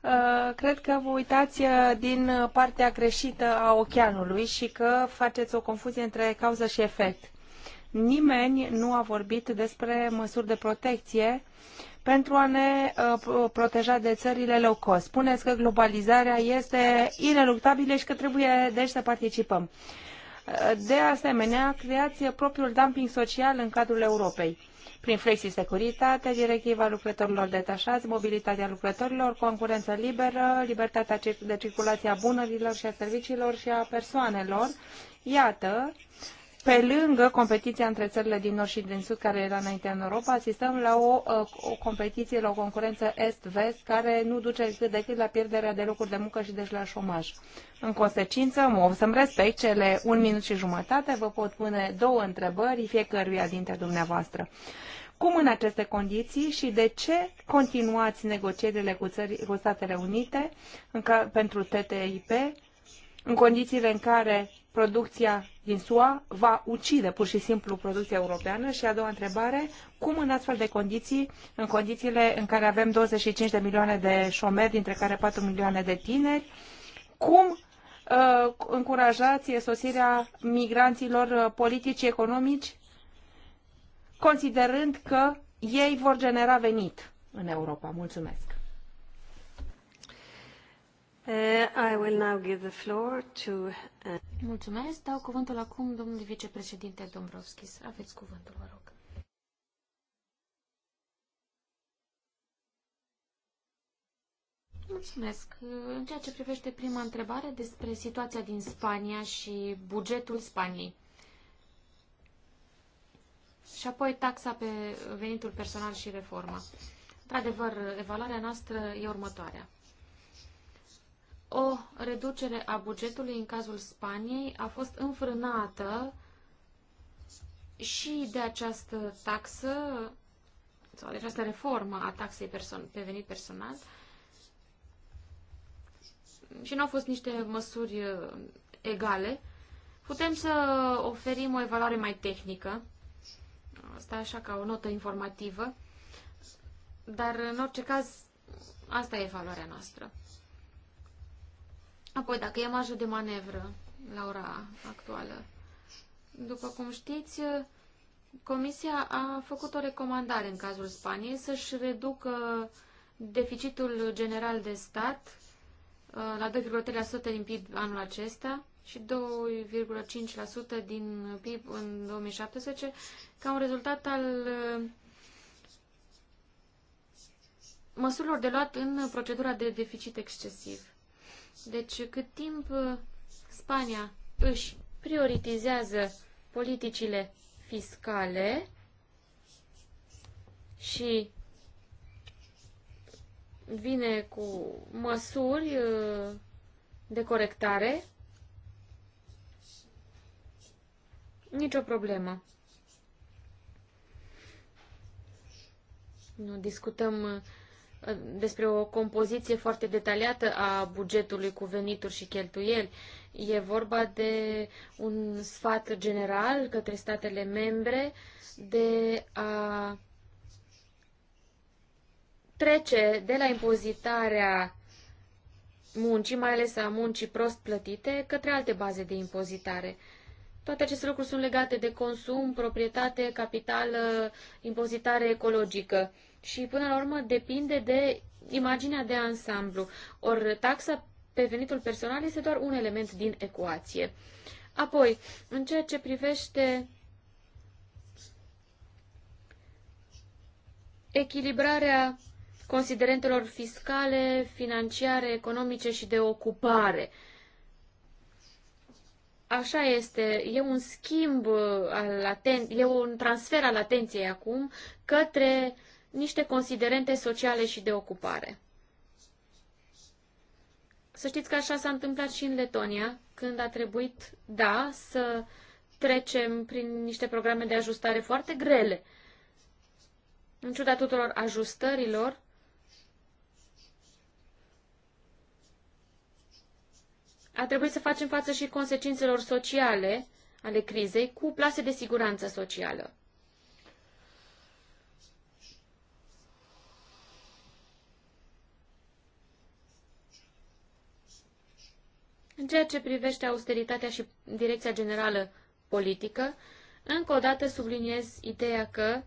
Uh, cred că vă uitați uh, din partea greșită a oceanului și că faceți o confuzie între cauză și efect. Nimeni nu a vorbit despre măsuri de protecție pentru a ne uh, proteja de țările low cost. Spuneți că globalizarea este ineluctabilă și că trebuie deci să participăm. De asemenea, creați propriul dumping social în cadrul Europei prin flexi directiva lucrătorilor detașați, mobilitatea lucrătorilor, concurență liberă, libertatea de circulație a bunurilor și a serviciilor și a persoanelor. Iată, pe lângă competiția între țările din nord și din sud, care era înainte în Europa, asistăm la o, o competiție, la o concurență est-vest, care nu duce decât la pierderea de locuri de muncă și deci la șomaj. În consecință, o să-mi respect cele un minut și jumătate, vă pot pune două întrebări fiecăruia dintre dumneavoastră. Cum în aceste condiții și de ce continuați negocierile cu, țări, cu Statele Unite în ca, pentru TTIP în condițiile în care producția din SUA va ucide pur și simplu producția europeană? Și a doua întrebare, cum în astfel de condiții, în condițiile în care avem 25 de milioane de șomeri, dintre care 4 milioane de tineri, cum uh, încurajați sosirea migranților uh, politici economici considerând că ei vor genera venit în Europa. Mulțumesc! Uh, I will now give the floor to... Uh, Mulțumesc. Dau cuvântul acum domnului vicepreședinte Dombrovskis. Aveți cuvântul, vă rog. Mulțumesc. În ceea ce privește prima întrebare despre situația din Spania și bugetul Spaniei și apoi taxa pe venitul personal și reforma. Într-adevăr, evaluarea noastră e următoarea. O reducere a bugetului în cazul Spaniei a fost înfrânată și de această taxă sau de această reformă a taxei person- pe venit personal și nu au fost niște măsuri uh, egale. Putem să oferim o evaluare mai tehnică Asta așa ca o notă informativă. Dar, în orice caz, asta e valoarea noastră. Apoi, dacă e marjă de manevră la ora actuală, după cum știți, Comisia a făcut o recomandare în cazul Spaniei să-și reducă deficitul general de stat uh, la 2,3% din PIB anul acesta și 2,5% din PIB în 2017, ca un rezultat al uh, măsurilor de luat în procedura de deficit excesiv. Deci, cât timp uh, Spania își prioritizează politicile fiscale și vine cu măsuri uh, de corectare, Nicio problemă. Nu discutăm uh, despre o compoziție foarte detaliată a bugetului cu venituri și cheltuieli. E vorba de un sfat general către statele membre de a trece de la impozitarea muncii, mai ales a muncii prost plătite, către alte baze de impozitare. Toate aceste lucruri sunt legate de consum, proprietate, capital, uh, impozitare ecologică și până la urmă depinde de imaginea de ansamblu. Ori taxa pe venitul personal este doar un element din ecuație. Apoi, în ceea ce privește echilibrarea considerentelor fiscale, financiare, economice și de ocupare – Așa este, e un schimb uh, al aten- e un transfer al atenției acum către niște considerente sociale și de ocupare. Să știți că așa s-a întâmplat și în Letonia, când a trebuit, da, să trecem prin niște programe de ajustare foarte grele. În ciuda tuturor ajustărilor, a trebuit să facem față și consecințelor sociale ale crizei cu plase de siguranță socială. În ceea ce privește austeritatea și direcția generală politică, încă o dată subliniez ideea că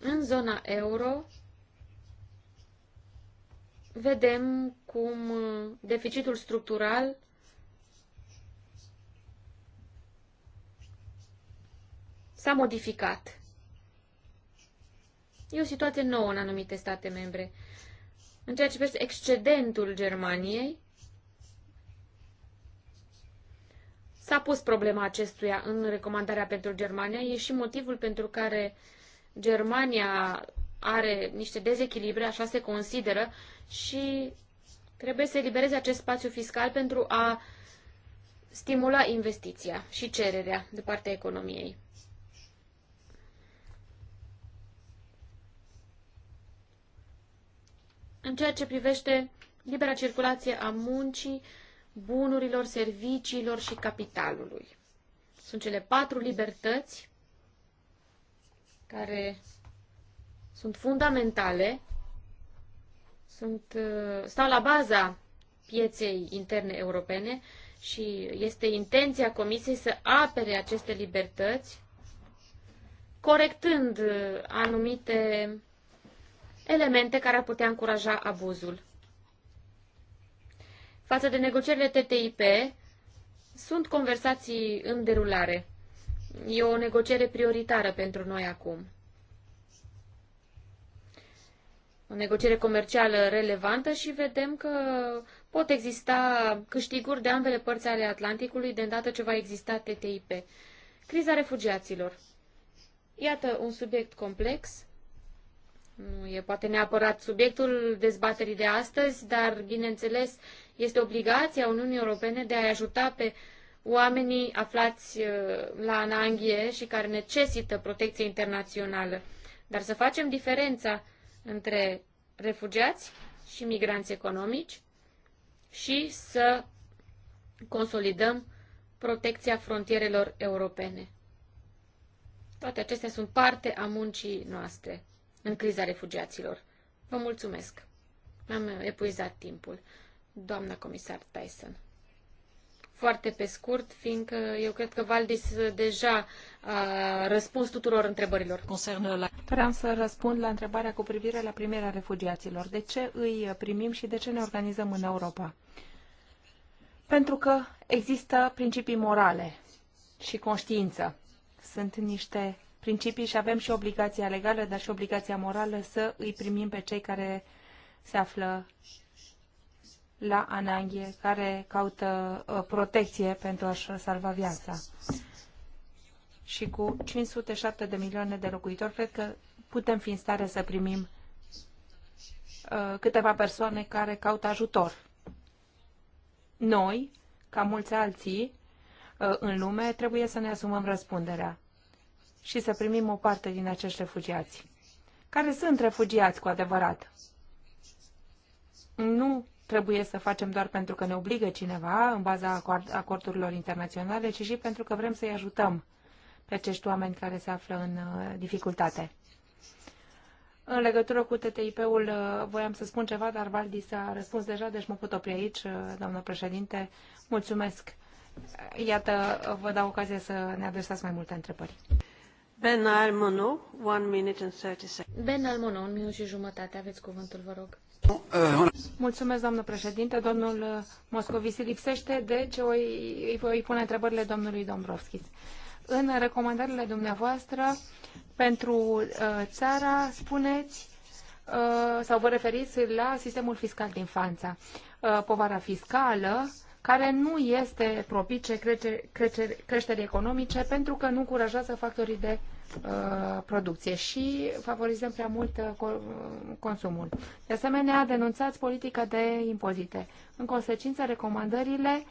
în zona euro vedem cum uh, deficitul structural s-a modificat. E o situație nouă în anumite state membre. În ceea ce privește excedentul Germaniei, s-a pus problema acestuia în recomandarea pentru Germania. E și motivul pentru care Germania are niște dezechilibre, așa se consideră, și trebuie să elibereze acest spațiu fiscal pentru a stimula investiția și cererea de partea economiei. În ceea ce privește libera circulație a muncii, bunurilor, serviciilor și capitalului. Sunt cele patru libertăți care sunt fundamentale, sunt, uh, stau la baza pieței interne europene și este intenția Comisiei să apere aceste libertăți, corectând uh, anumite elemente care ar putea încuraja abuzul. Față de negocierile TTIP, sunt conversații în derulare. E o negociere prioritară pentru noi acum. o negociere comercială relevantă și vedem că pot exista câștiguri de ambele părți ale Atlanticului de îndată ce va exista TTIP. Criza refugiaților. Iată un subiect complex. Nu e poate neapărat subiectul dezbaterii de astăzi, dar, bineînțeles, este obligația Uniunii Europene de a ajuta pe oamenii aflați uh, la ananghie și care necesită protecție internațională. Dar să facem diferența între refugiați și migranți economici și să consolidăm protecția frontierelor europene. Toate acestea sunt parte a muncii noastre în criza refugiaților. Vă mulțumesc. Mi-am epuizat timpul. Doamna comisar Tyson foarte pe scurt, fiindcă eu cred că Valdis deja a răspuns tuturor întrebărilor. Vreau să răspund la întrebarea cu privire la primirea refugiaților. De ce îi primim și de ce ne organizăm în Europa? Pentru că există principii morale și conștiință. Sunt niște principii și avem și obligația legală, dar și obligația morală să îi primim pe cei care se află la ananghie, care caută uh, protecție pentru a-și salva viața. Și cu 507 de milioane de locuitori, cred că putem fi în stare să primim uh, câteva persoane care caută ajutor. Noi, ca mulți alții uh, în lume, trebuie să ne asumăm răspunderea și să primim o parte din acești refugiați. Care sunt refugiați cu adevărat? Nu trebuie să facem doar pentru că ne obligă cineva în baza acordurilor internaționale, ci și pentru că vrem să-i ajutăm pe acești oameni care se află în uh, dificultate. În legătură cu TTIP-ul, uh, voiam să spun ceva, dar Valdi s-a răspuns deja, deci mă pot opri aici, uh, doamnă președinte. Mulțumesc. Iată, vă dau ocazia să ne adresați mai multe întrebări. Ben Almonu, 1 minute and 30 seconds. Ben Almonu, un minut și jumătate, aveți cuvântul, vă rog. Mulțumesc, doamnă președinte. Domnul uh, Moscovici lipsește, deci o, îi voi pune întrebările domnului Dombrovskis. În recomandările dumneavoastră pentru uh, țara spuneți uh, sau vă referiți la sistemul fiscal din Franța. Povara fiscală care nu este propice creșterii economice pentru că nu încurajează factorii de Uh, producție și favorizăm prea mult uh, consumul. De asemenea, denunțați politica de impozite. În consecință, recomandările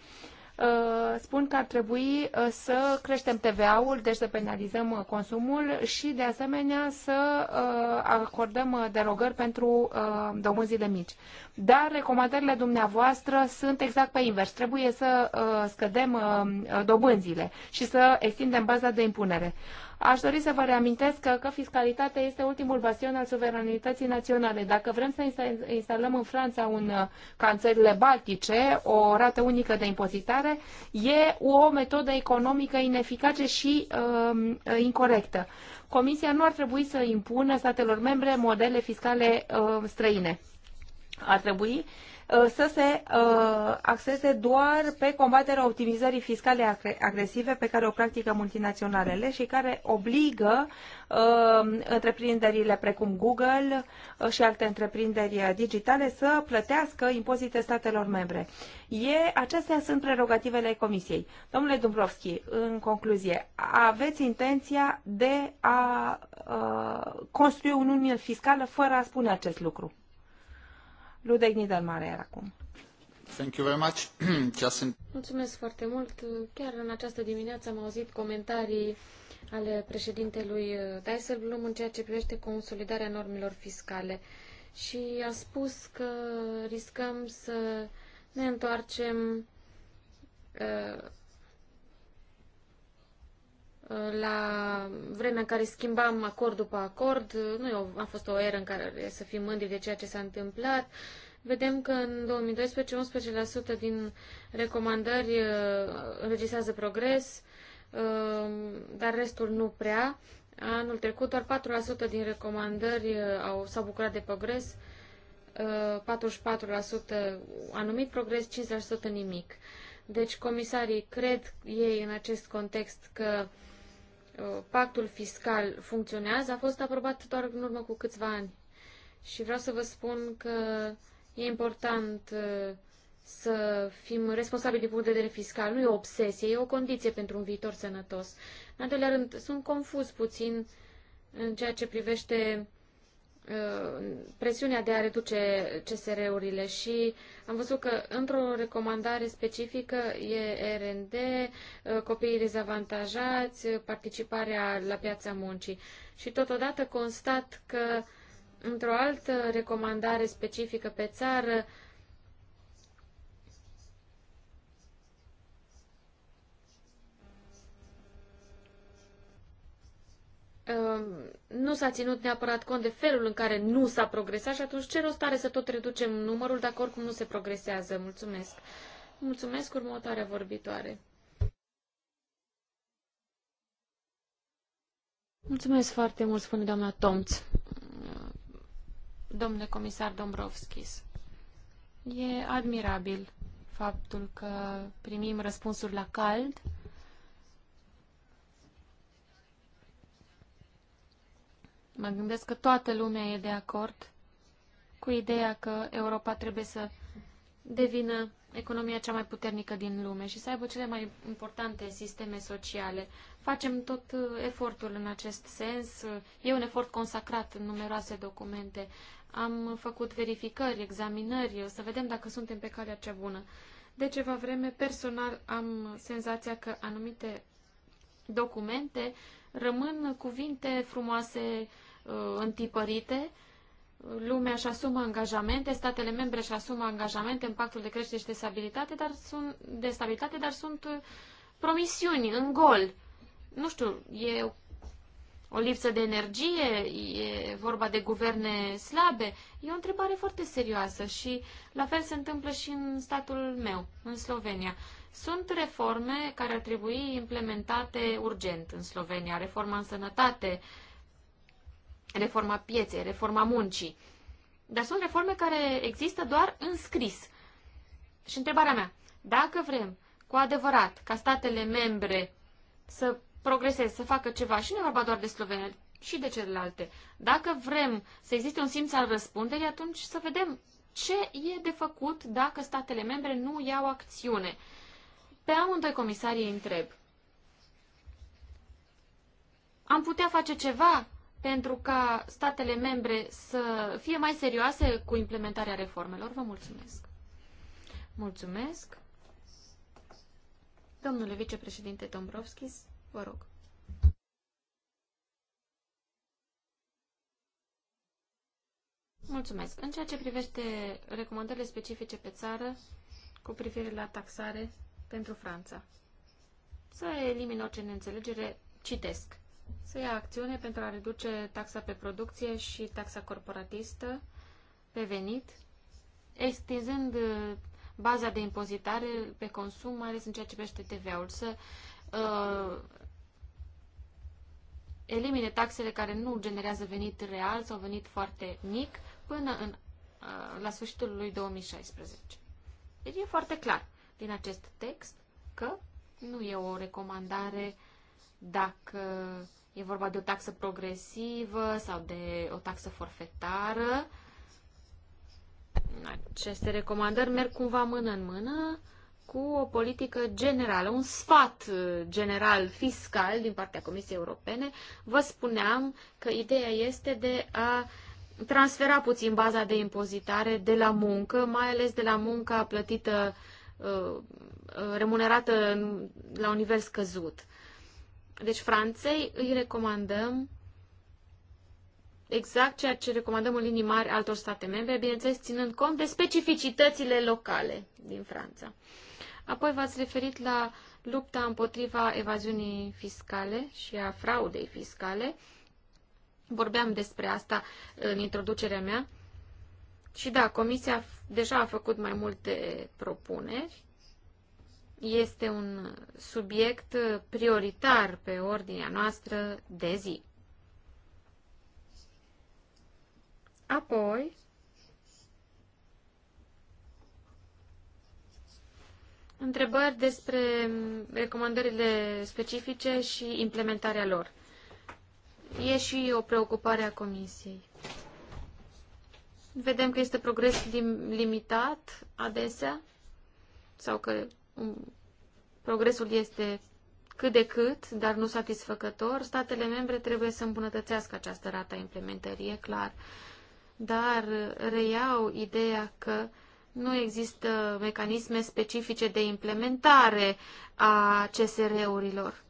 uh, spun că ar trebui să creștem TVA-ul, deci să penalizăm consumul și, de asemenea, să acordăm derogări pentru domânzile mici dar recomandările dumneavoastră sunt exact pe invers. Trebuie să uh, scădem uh, uh, dobânzile și să extindem baza de impunere. Aș dori să vă reamintesc că, că fiscalitatea este ultimul bastion al suveranității naționale. Dacă vrem să instalăm în Franța, un, ca în țările baltice, o rată unică de impozitare, e o metodă economică ineficace și um, uh, incorrectă. Comisia nu ar trebui să impună statelor membre modele fiscale uh, străine ar trebui uh, să se uh, axeze doar pe combaterea optimizării fiscale agresive pe care o practică multinaționalele și care obligă uh, întreprinderile precum Google și alte întreprinderi digitale să plătească impozite statelor membre. E, acestea sunt prerogativele Comisiei. Domnule Dumbrovski, în concluzie, aveți intenția de a, a construi o uniune fiscală fără a spune acest lucru. Ludek Niedermayer acum. Thank you very much. Just in... Mulțumesc foarte mult. Chiar în această dimineață am auzit comentarii ale președintelui Dijsselbloem în ceea ce privește consolidarea normelor fiscale și a spus că riscăm să ne întoarcem uh, la vremea în care schimbam acord după acord, nu eu, a fost o eră în care să fim mândri de ceea ce s-a întâmplat. Vedem că în 2012 11% din recomandări uh, înregistrează progres, uh, dar restul nu prea. Anul trecut doar 4% din recomandări uh, au, s-au bucurat de progres, 44% anumit progres, 50% nimic. Deci comisarii cred ei în acest context că uh, Uh, pactul fiscal funcționează a fost aprobat doar în urmă cu câțiva ani. Și vreau să vă spun că e important uh, să fim responsabili din punct de vedere fiscal. Nu e o obsesie, e o condiție pentru un viitor sănătos. În al doilea rând, sunt confuz puțin în ceea ce privește uh, Uh, presiunea de a reduce CSR-urile și am văzut că într-o recomandare specifică e RND, uh, copiii dezavantajați, participarea la piața muncii. Și totodată constat că într-o altă recomandare specifică pe țară Ehm, nu s-a ținut neapărat cont de felul în care nu s-a progresat și atunci ce rost are să tot reducem numărul dacă oricum nu se progresează? Mulțumesc. Mulțumesc următoarea vorbitoare. Mulțumesc foarte mult, spune doamna Tomț. Domnule comisar Dombrovskis, e admirabil faptul că primim răspunsuri la cald, Mă gândesc că toată lumea e de acord cu ideea că Europa trebuie să devină economia cea mai puternică din lume și să aibă cele mai importante sisteme sociale. Facem tot uh, efortul în acest sens. E un efort consacrat în numeroase documente. Am făcut verificări, examinări, să vedem dacă suntem pe calea cea bună. De ceva vreme, personal, am senzația că anumite documente, rămân cuvinte frumoase uh, întipărite, lumea își asumă angajamente, statele membre își asumă angajamente în pactul de creștere și de stabilitate, dar sunt, de stabilitate, dar sunt uh, promisiuni în gol. Nu știu, e o lipsă de energie, e vorba de guverne slabe. E o întrebare foarte serioasă și la fel se întâmplă și în statul meu, în Slovenia. Sunt reforme care ar trebui implementate urgent în Slovenia. Reforma în sănătate, reforma pieței, reforma muncii. Dar sunt reforme care există doar în scris. Și întrebarea mea, dacă vrem cu adevărat ca statele membre să progreseze, să facă ceva, și nu e vorba doar de Slovenia, și de celelalte. Dacă vrem să existe un simț al răspunderii, atunci să vedem ce e de făcut dacă statele membre nu iau acțiune. Pe amândoi comisarii îi întreb. Am putea face ceva pentru ca statele membre să fie mai serioase cu implementarea reformelor? Vă mulțumesc. Mulțumesc. Domnule vicepreședinte Dombrovskis, vă rog. Mulțumesc. În ceea ce privește recomandările specifice pe țară cu privire la taxare, pentru Franța. Să elimine orice neînțelegere, citesc. Să ia acțiune pentru a reduce taxa pe producție și taxa corporatistă pe venit, extinzând uh, baza de impozitare pe consum, mai ales în ceea ce privește TVA-ul. Să uh, elimine taxele care nu generează venit real sau venit foarte mic până în, uh, la sfârșitul lui 2016. Deci e foarte clar din acest text că nu e o recomandare dacă e vorba de o taxă progresivă sau de o taxă forfetară. Aceste recomandări merg cumva mână în mână cu o politică generală, un sfat general fiscal din partea Comisiei Europene. Vă spuneam că ideea este de a transfera puțin baza de impozitare de la muncă, mai ales de la munca plătită uh, Uh, remunerată la un nivel scăzut. Deci Franței îi recomandăm exact ceea ce recomandăm în linii mari altor state membre, bineînțeles ținând cont de specificitățile locale din Franța. Apoi v-ați referit la lupta împotriva evaziunii fiscale și a fraudei fiscale. Vorbeam despre asta în introducerea mea. Și da, Comisia deja a făcut mai multe propuneri. Este un subiect prioritar pe ordinea noastră de zi. Apoi, întrebări despre recomandările specifice și implementarea lor. E și o preocupare a Comisiei. Vedem că este progres limitat adesea sau că um, progresul este cât de cât, dar nu satisfăcător. Statele membre trebuie să îmbunătățească această rată a implementării, e clar. Dar reiau ideea că nu există mecanisme specifice de implementare a CSR-urilor.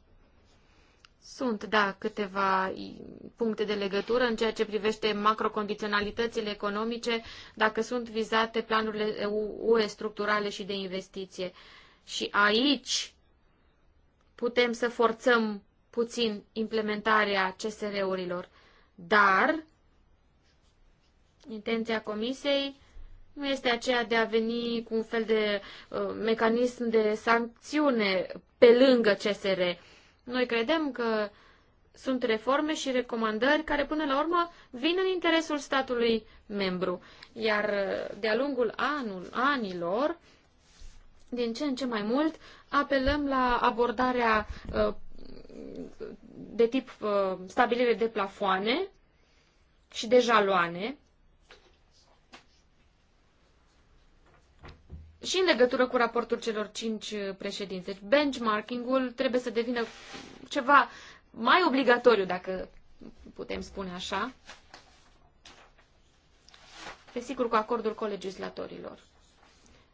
Sunt, da, câteva puncte de legătură în ceea ce privește macrocondiționalitățile economice, dacă sunt vizate planurile UE structurale și de investiție. Și aici putem să forțăm puțin implementarea CSR-urilor, dar intenția Comisiei nu este aceea de a veni cu un fel de uh, mecanism de sancțiune pe lângă CSR noi credem că sunt reforme și recomandări care, până la urmă, vin în interesul statului membru. Iar uh, de-a lungul anul, anilor, din ce în ce mai mult, apelăm la abordarea uh, de tip uh, stabilire de plafoane și de jaloane, și în legătură cu raportul celor cinci uh, președinți. Deci benchmarking-ul trebuie să devină ceva mai obligatoriu, dacă putem spune așa, desigur cu acordul colegislatorilor.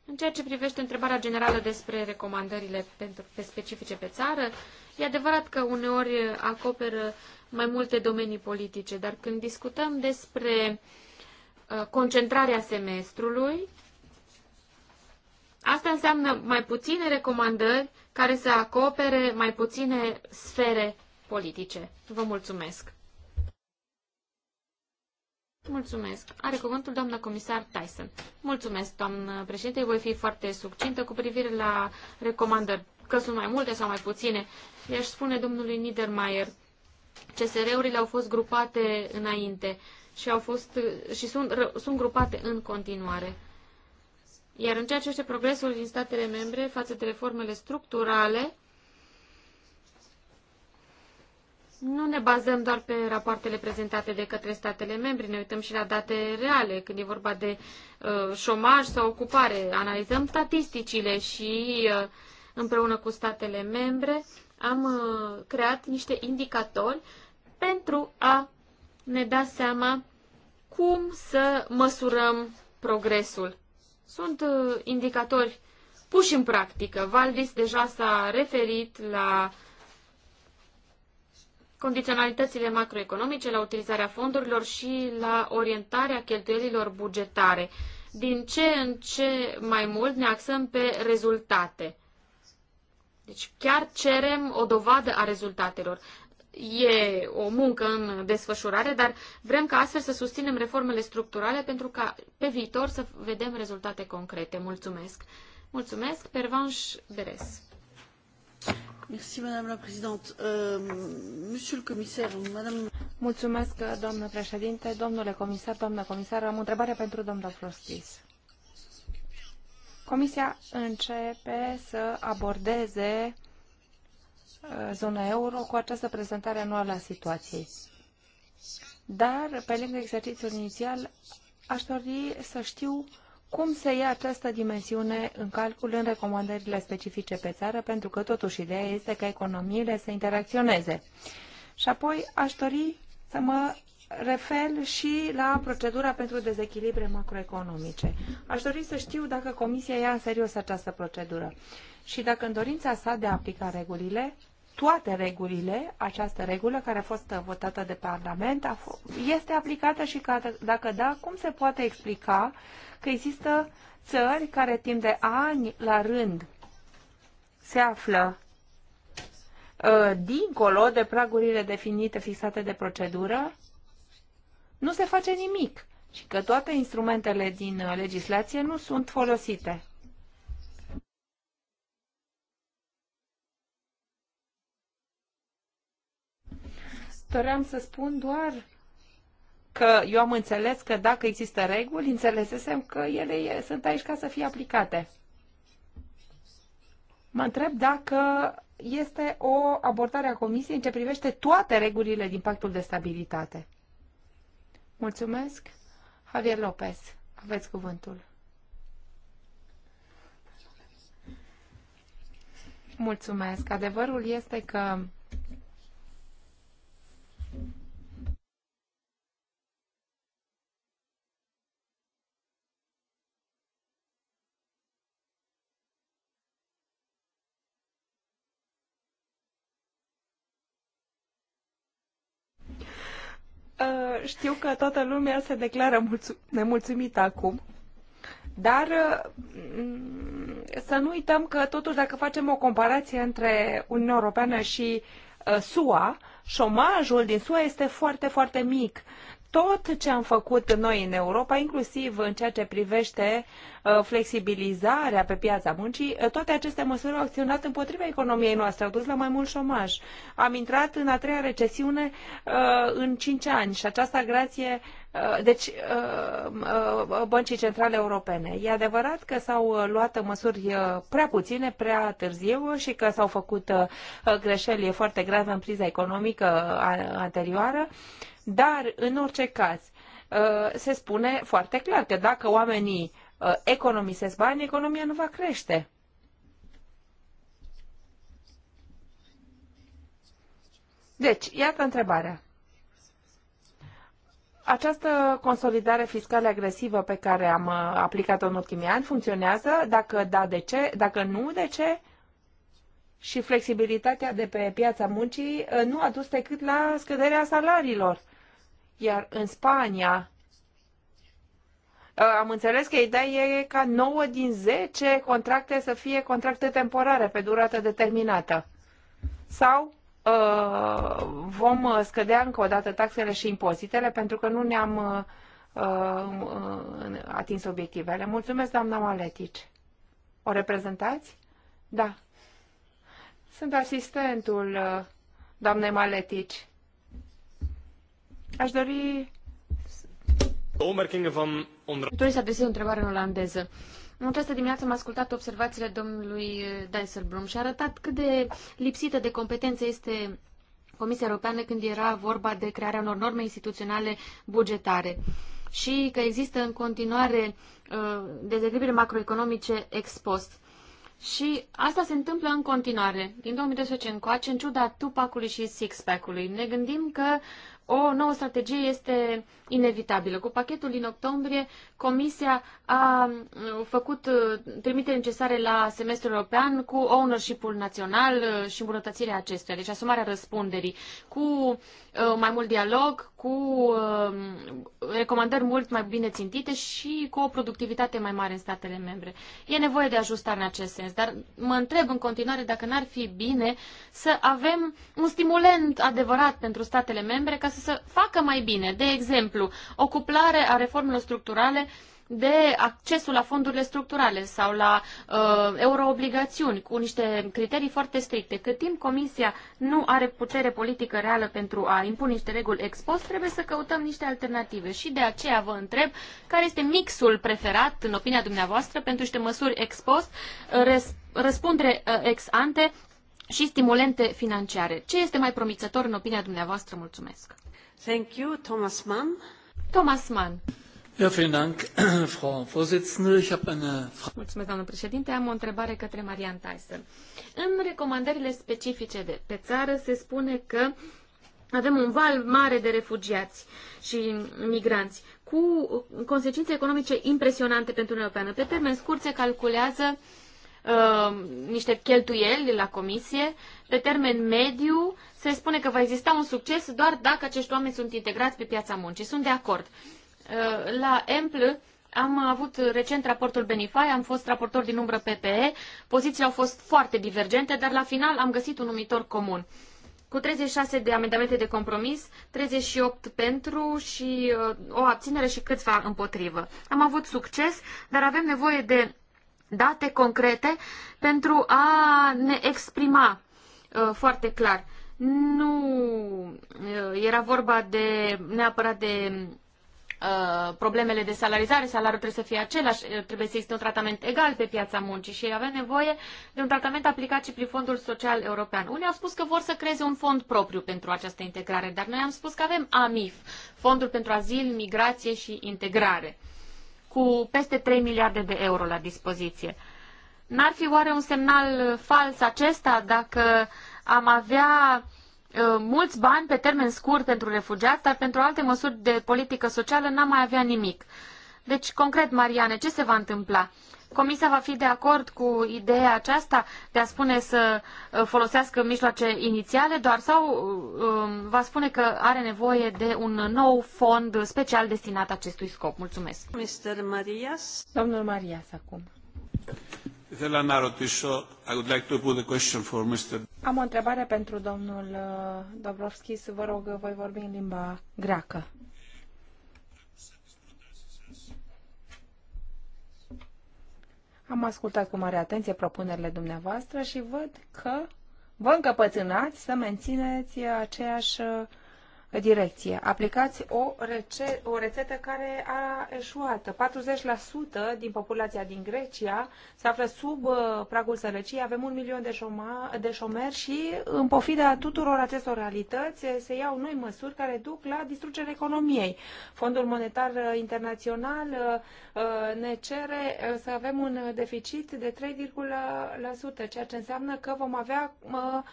În ceea ce privește întrebarea generală despre recomandările pentru, pe specifice pe țară, e adevărat că uneori acoperă mai multe domenii politice, dar când discutăm despre uh, concentrarea semestrului, Asta înseamnă mai puține recomandări care să acopere mai puține sfere politice. Vă mulțumesc! Mulțumesc. Are cuvântul doamna comisar Tyson. Mulțumesc, doamnă președinte. Voi fi foarte succintă cu privire la recomandări, că sunt mai multe sau mai puține. I-aș spune domnului Niedermayer, CSR-urile au fost grupate înainte și, au fost, și sunt, sunt grupate în continuare. Iar în ceea ce este progresul din statele membre față de reformele structurale, nu ne bazăm doar pe rapoartele prezentate de către statele membre, ne uităm și la date reale, când e vorba de uh, șomaj sau ocupare. Analizăm statisticile și uh, împreună cu statele membre am uh, creat niște indicatori pentru a ne da seama cum să măsurăm progresul sunt uh, indicatori puși în practică. Valdis deja s-a referit la condiționalitățile macroeconomice, la utilizarea fondurilor și la orientarea cheltuielilor bugetare. Din ce în ce mai mult ne axăm pe rezultate. Deci chiar cerem o dovadă a rezultatelor e o muncă în desfășurare, dar vrem ca astfel să susținem reformele structurale pentru ca pe viitor să vedem rezultate concrete. Mulțumesc! Mulțumesc, Pervanș Beres. Merci, Madame la Présidente. Euh, Monsieur le Commissaire, Madame... Mulțumesc, doamnă președinte, domnule comisar, doamnă comisar. Am o întrebare pentru domnul Frostis. Comisia începe să abordeze Uh, zona euro cu această prezentare anuală a situației. Dar, pe lângă exercițiul inițial, aș dori să știu cum se ia această dimensiune în calcul în recomandările specifice pe țară, pentru că totuși ideea este ca economiile să interacționeze. Și apoi aș dori să mă refer și la procedura pentru dezechilibre macroeconomice. Aș dori să știu dacă Comisia ia în serios această procedură și dacă în dorința sa de a aplica regulile, toate regulile, această regulă care a fost votată de Parlament, este aplicată și dacă da, cum se poate explica că există țări care timp de ani la rând se află uh, dincolo de pragurile definite, fixate de procedură, nu se face nimic și că toate instrumentele din uh, legislație nu sunt folosite. Doream să spun doar că eu am înțeles că dacă există reguli, înțelesesem că ele sunt aici ca să fie aplicate. Mă întreb dacă este o abordare a Comisiei în ce privește toate regulile din pactul de stabilitate. Mulțumesc. Javier Lopez, aveți cuvântul. Mulțumesc. Adevărul este că știu că toată lumea se declară mulțu- nemulțumită acum. Dar mm, să nu uităm că, totuși, dacă facem o comparație între Uniunea Europeană și uh, SUA, șomajul din SUA este foarte, foarte mic tot ce am făcut noi în Europa, inclusiv în ceea ce privește uh, flexibilizarea pe piața muncii, uh, toate aceste măsuri au acționat împotriva economiei noastre, au dus la mai mult șomaj. Am intrat în a treia recesiune uh, în cinci ani și aceasta grație deci băncii centrale europene. E adevărat că s-au luat măsuri prea puține, prea târziu și că s-au făcut greșeli foarte grave în priza economică anterioară dar, în orice caz, uh, se spune foarte clar că dacă oamenii uh, economisesc bani, economia nu va crește. Deci, iată întrebarea. Această consolidare fiscală agresivă pe care am uh, aplicat-o în ultimii ani funcționează? Dacă da, de ce? Dacă nu, de ce? Și flexibilitatea de pe piața muncii nu a dus decât la scăderea salariilor. Iar în Spania, ă, am înțeles că ideea e ca 9 din 10 contracte să fie contracte temporare pe durată determinată. Sau uh, vom scădea încă o dată taxele și impozitele pentru că nu ne-am uh, atins obiectivele. Mulțumesc, doamna Maletici. O reprezentați? Da. Sunt asistentul doamnei Maletici. Aș dori... Aș dori să adresez o întrebare în olandeză. În această dimineață am ascultat observațiile domnului Dijsselbloem și a arătat cât de lipsită de competență este Comisia Europeană când era vorba de crearea unor norme instituționale bugetare și că există în continuare uh, dezechilibre macroeconomice ex post. Și asta se întâmplă în continuare. Din 2012 încoace, în ciuda Tupac-ului și Six-Pack-ului, ne gândim că o nouă strategie este inevitabilă. Cu pachetul din octombrie, Comisia a făcut uh, trimitere necesare la semestrul european cu ownership-ul național uh, și îmbunătățirea acestuia, deci asumarea răspunderii, cu uh, mai mult dialog, cu recomandări mult mai bine țintite și cu o productivitate mai mare în statele membre. E nevoie de ajustare în acest sens, dar mă întreb în continuare dacă n-ar fi bine să avem un stimulent adevărat pentru statele membre ca să să facă mai bine. De exemplu, o cuplare a reformelor structurale de accesul la fondurile structurale sau la uh, euroobligațiuni cu niște criterii foarte stricte. Cât timp Comisia nu are putere politică reală pentru a impune niște reguli ex post, trebuie să căutăm niște alternative. Și de aceea vă întreb care este mixul preferat, în opinia dumneavoastră, pentru niște măsuri ex post, răspundere uh, ex ante și stimulente financiare. Ce este mai promițător în opinia dumneavoastră? Mulțumesc. Thank you, Thomas Mann. Thomas Mann. Ja, vielen Dank, Frau Vorsitzende. Ich habe eine Mulțumesc, doamnă președinte. Am o întrebare către Marian Tyson. În recomandările specifice de pe țară se spune că avem un val mare de refugiați și migranți cu consecințe economice impresionante pentru Uniunea Europeană. Pe termen scurt se calculează Uh, niște cheltuieli la comisie. Pe termen mediu se spune că va exista un succes doar dacă acești oameni sunt integrați pe piața muncii. Sunt de acord. Uh, la EMPL am avut recent raportul Benify, am fost raportor din umbră PPE, pozițiile au fost foarte divergente, dar la final am găsit un numitor comun cu 36 de amendamente de compromis, 38 pentru și uh, o abținere și câțiva împotrivă. Am avut succes, dar avem nevoie de date concrete pentru a ne exprima uh, foarte clar. Nu uh, era vorba de neapărat de uh, problemele de salarizare, salariul trebuie să fie același, trebuie să existe un tratament egal pe piața muncii și avem nevoie de un tratament aplicat și prin Fondul Social European. Unii au spus că vor să creeze un fond propriu pentru această integrare, dar noi am spus că avem AMIF, Fondul pentru Azil, Migrație și Integrare cu peste 3 miliarde de euro la dispoziție. N-ar fi oare un semnal fals acesta dacă am avea uh, mulți bani pe termen scurt pentru refugiați, dar pentru alte măsuri de politică socială n-am mai avea nimic. Deci, concret, Mariane, ce se va întâmpla? Comisia va fi de acord cu ideea aceasta de a spune să uh, folosească mijloace inițiale doar sau um, va spune că are nevoie de un nou fond special destinat acestui scop? Mulțumesc. Mr. Marias. Domnul Marias acum. Am o întrebare pentru domnul uh, Dobrovski, să vă rog, voi vorbi în limba greacă. Am ascultat cu mare atenție propunerile dumneavoastră și văd că vă încăpățânați să mențineți aceeași direcție. Aplicați o, rece- o rețetă care a eșuat. 40% din populația din Grecia se află sub uh, pragul sărăciei. Avem un milion de, șoma- de șomeri și, în pofida tuturor acestor realități, se iau noi măsuri care duc la distrugerea economiei. Fondul Monetar uh, Internațional uh, uh, ne cere uh, să avem un deficit de 3,1%, ceea ce înseamnă că vom avea uh,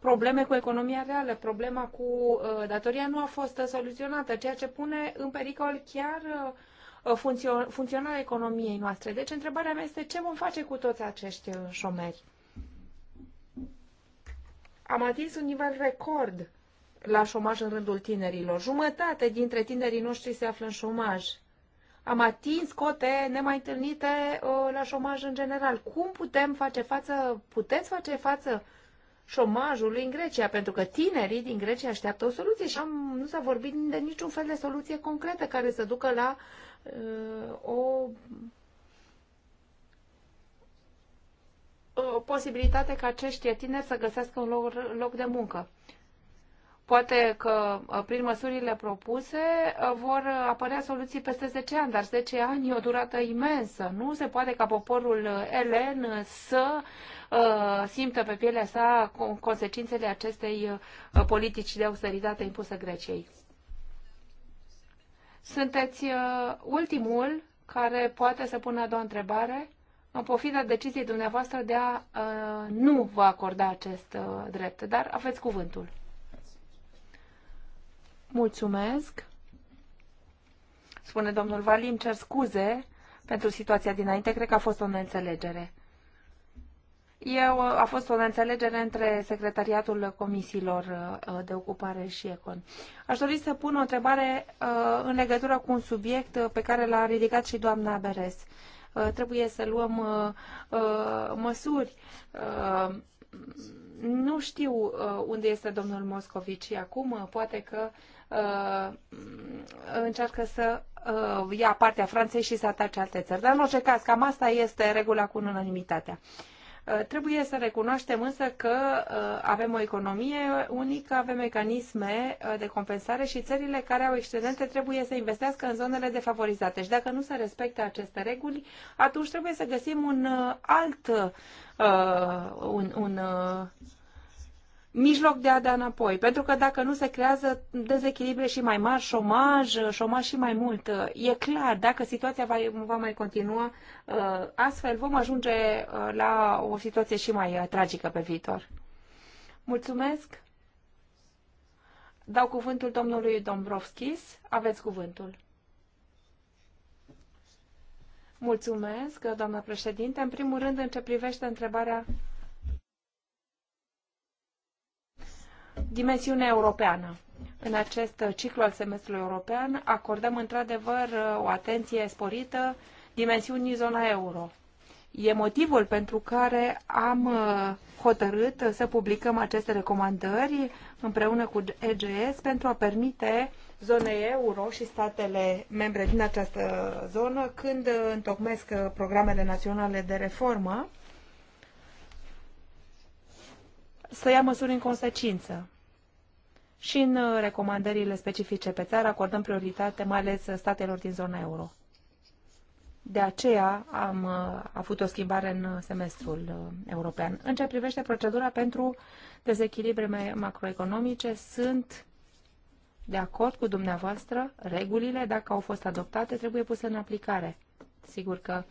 probleme cu economia reală, problema cu datoria nu a fost soluționată, ceea ce pune în pericol chiar uh, funcțio- funcționarea economiei noastre. Deci întrebarea mea este ce vom face cu toți acești uh, șomeri? Am atins un nivel record la șomaj în rândul tinerilor. Jumătate dintre tinerii noștri se află în șomaj. Am atins cote nemai întâlnite uh, la șomaj în general. Cum putem face față? Puteți face față șomajului în Grecia, pentru că tinerii din Grecia așteaptă o soluție și am, nu s-a vorbit de niciun fel de soluție concretă care să ducă la uh, o, o posibilitate ca aceștia tineri să găsească un loc, loc de muncă. Poate că uh, prin măsurile propuse uh, vor uh, apărea soluții peste 10 ani, dar 10 ani e o durată imensă. Nu se poate ca poporul elen să simtă pe pielea sa consecințele acestei politici de austeritate impusă Greciei. Sunteți ultimul care poate să pună a doua întrebare în pofida deciziei dumneavoastră de a nu vă acorda acest drept, dar aveți cuvântul. Mulțumesc. Spune domnul Valim, cer scuze pentru situația dinainte. Cred că a fost o neînțelegere. Eu, a fost o neînțelegere între Secretariatul Comisiilor uh, de Ocupare și Econ. Aș dori să pun o întrebare uh, în legătură cu un subiect uh, pe care l-a ridicat și doamna Beres. Trebuie să luăm măsuri. Nu știu unde este domnul Moscovici acum, poate că Uh, încearcă să uh, ia partea Franței și să atace alte țări. Dar în orice caz, cam asta este regula cu unanimitatea. Uh, trebuie să recunoaștem însă că avem o economie unică, avem mecanisme de compensare și țările care au excedente trebuie să investească în zonele defavorizate. Și dacă nu se respectă aceste reguli, atunci trebuie să găsim un alt, un, un mijloc de a da înapoi. Pentru că dacă nu se creează dezechilibre și mai mari, șomaj, șomaj și mai mult, e clar, dacă situația va, va mai continua ă, astfel, vom ajunge ă, la o situație și mai ă, tragică pe viitor. Mulțumesc! Dau cuvântul domnului Dombrovskis. Aveți cuvântul. Mulțumesc, doamna președinte. În primul rând, în ce privește întrebarea dimensiune europeană. În acest ciclu al semestrului european acordăm într-adevăr uh, o atenție sporită dimensiunii zona euro. E motivul pentru care am uh, hotărât să publicăm aceste recomandări împreună cu EGS pentru a permite zonei euro și statele membre din această zonă când uh, întocmesc programele naționale de reformă să ia măsuri în consecință și în uh, recomandările specifice pe țară acordăm prioritate mai ales uh, statelor din zona euro. De aceea am uh, avut o schimbare în semestrul european. În ce privește procedura pentru dezechilibre macroeconomice, sunt de acord cu dumneavoastră, regulile, dacă au fost adoptate, trebuie puse în aplicare. Sigur că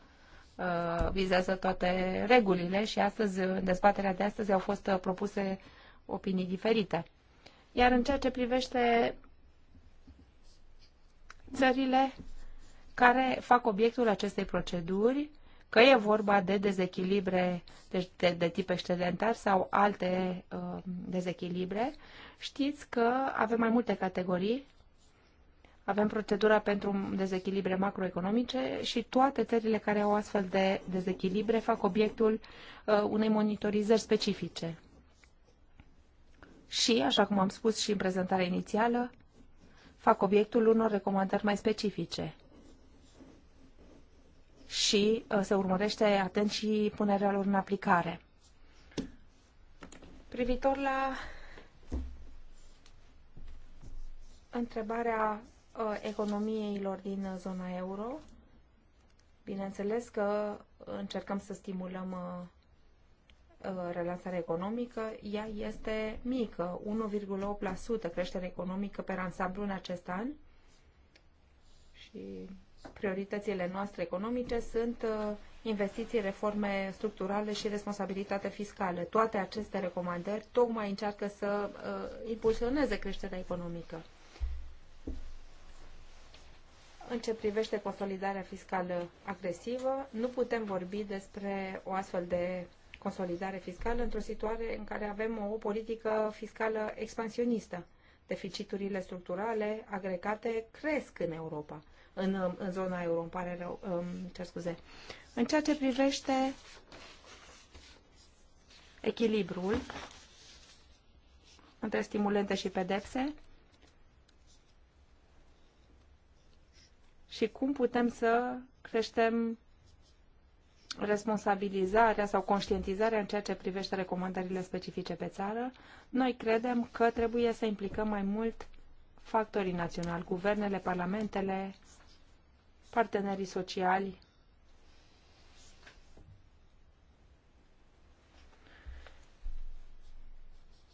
uh, vizează toate regulile și astăzi, în dezbaterea de astăzi, au fost propuse opinii diferite. Iar în ceea ce privește țările care fac obiectul acestei proceduri, că e vorba de dezechilibre de, de, de tip excedentar sau alte uh, dezechilibre, știți că avem mai multe categorii. Avem procedura pentru dezechilibre macroeconomice și toate țările care au astfel de dezechilibre fac obiectul uh, unei monitorizări specifice și, așa cum am spus și în prezentarea inițială, fac obiectul unor recomandări mai specifice. Și uh, se urmărește atent și punerea lor în aplicare. Privitor la întrebarea uh, economiilor din uh, zona euro, bineînțeles că încercăm să stimulăm Uh, relansare economică, ea este mică, 1,8% creștere economică pe ansamblu în acest an și prioritățile noastre economice sunt uh, investiții, reforme structurale și responsabilitate fiscală. Toate aceste recomandări tocmai încearcă să uh, impulsioneze creșterea economică. În ce privește consolidarea fiscală agresivă, nu putem vorbi despre o astfel de consolidare fiscală într-o situație în care avem o politică fiscală expansionistă. Deficiturile structurale agregate cresc în Europa, în, în zona euro, îmi pare rău, um, cer scuze. În ceea ce privește echilibrul între stimulente și pedepse, și cum putem să creștem responsabilizarea sau conștientizarea în ceea ce privește recomandările specifice pe țară, noi credem că trebuie să implicăm mai mult factorii naționali, guvernele, parlamentele, partenerii sociali.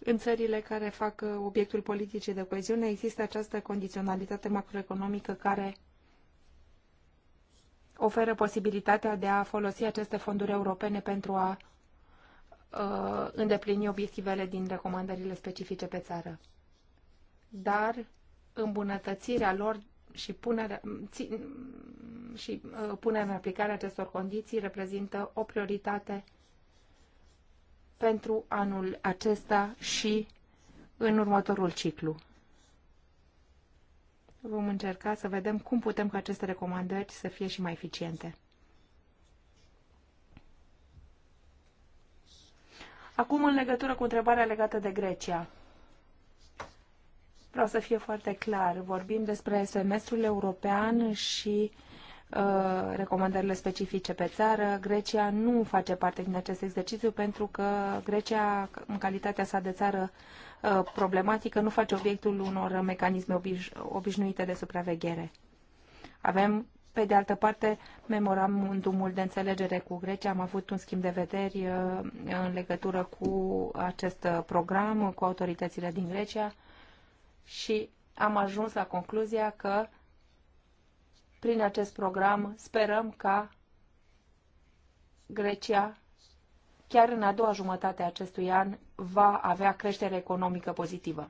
În țările care fac uh, obiectul politicii de coeziune există această condiționalitate macroeconomică care oferă posibilitatea de a folosi aceste fonduri europene pentru a uh, îndeplini obiectivele din recomandările specifice pe țară. Dar îmbunătățirea lor și punerea, țin, și uh, punerea în aplicare acestor condiții reprezintă o prioritate pentru anul acesta și în următorul ciclu vom încerca să vedem cum putem ca aceste recomandări să fie și mai eficiente. Acum, în legătură cu întrebarea legată de Grecia. Vreau să fie foarte clar. Vorbim despre semestrul european și uh, recomandările specifice pe țară. Grecia nu face parte din acest exercițiu pentru că Grecia, în calitatea sa de țară uh, Uh, problematică nu face obiectul unor mecanisme obiș obișnuite de supraveghere. Avem, pe de altă parte, memorandumul de înțelegere cu Grecia. Am avut un schimb de vederi uh, în legătură cu acest program, cu autoritățile din Grecia și am ajuns la concluzia că prin acest program sperăm ca Grecia chiar în a doua jumătate a acestui an va avea creștere economică pozitivă.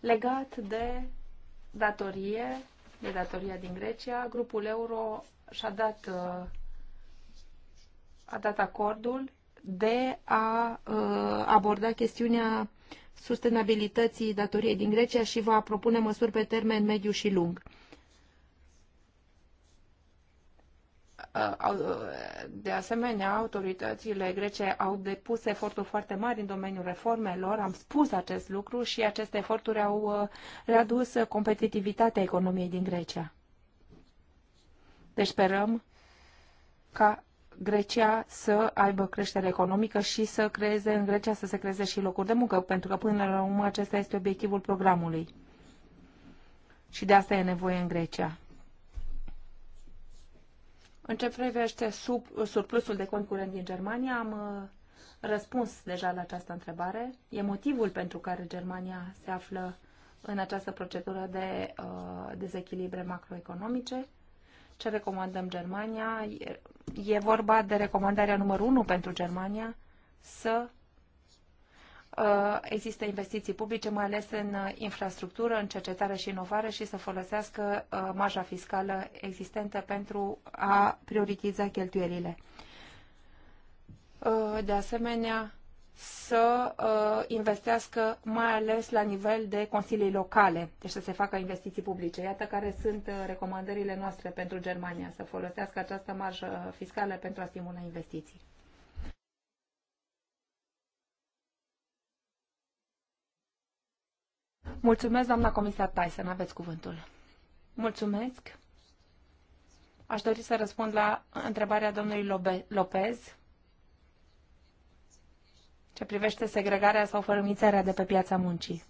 Legat de datorie, de datoria din Grecia, grupul euro și-a dat, uh, a dat acordul de a uh, aborda chestiunea sustenabilității datoriei din Grecia și va propune măsuri pe termen mediu și lung. De asemenea, autoritățile grece au depus eforturi foarte mari în domeniul reformelor, am spus acest lucru și aceste eforturi au uh, redus competitivitatea economiei din Grecia. Deci sperăm ca Grecia să aibă creștere economică și să creeze în Grecia să se creeze și locuri de muncă, pentru că până la urmă acesta este obiectivul programului. Și de asta e nevoie în Grecia. În ce privește sub, surplusul de cont curent din Germania, am uh, răspuns deja la această întrebare. E motivul pentru care Germania se află în această procedură de uh, dezechilibre macroeconomice. Ce recomandăm Germania? E, e vorba de recomandarea numărul 1 pentru Germania să Uh, există investiții publice, mai ales în uh, infrastructură, în cercetare și inovare și să folosească uh, marja fiscală existentă pentru a prioritiza cheltuielile. De asemenea, să investească mai ales la nivel de consilii locale, deci să se facă investiții publice. Iată care sunt recomandările noastre pentru Germania, să folosească această marjă fiscală pentru a stimula investiții. Mulțumesc, doamna comisar Tyson, aveți cuvântul. Mulțumesc. Aș dori să răspund la întrebarea domnului Lopez ce privește segregarea sau fărâmițarea de pe piața muncii.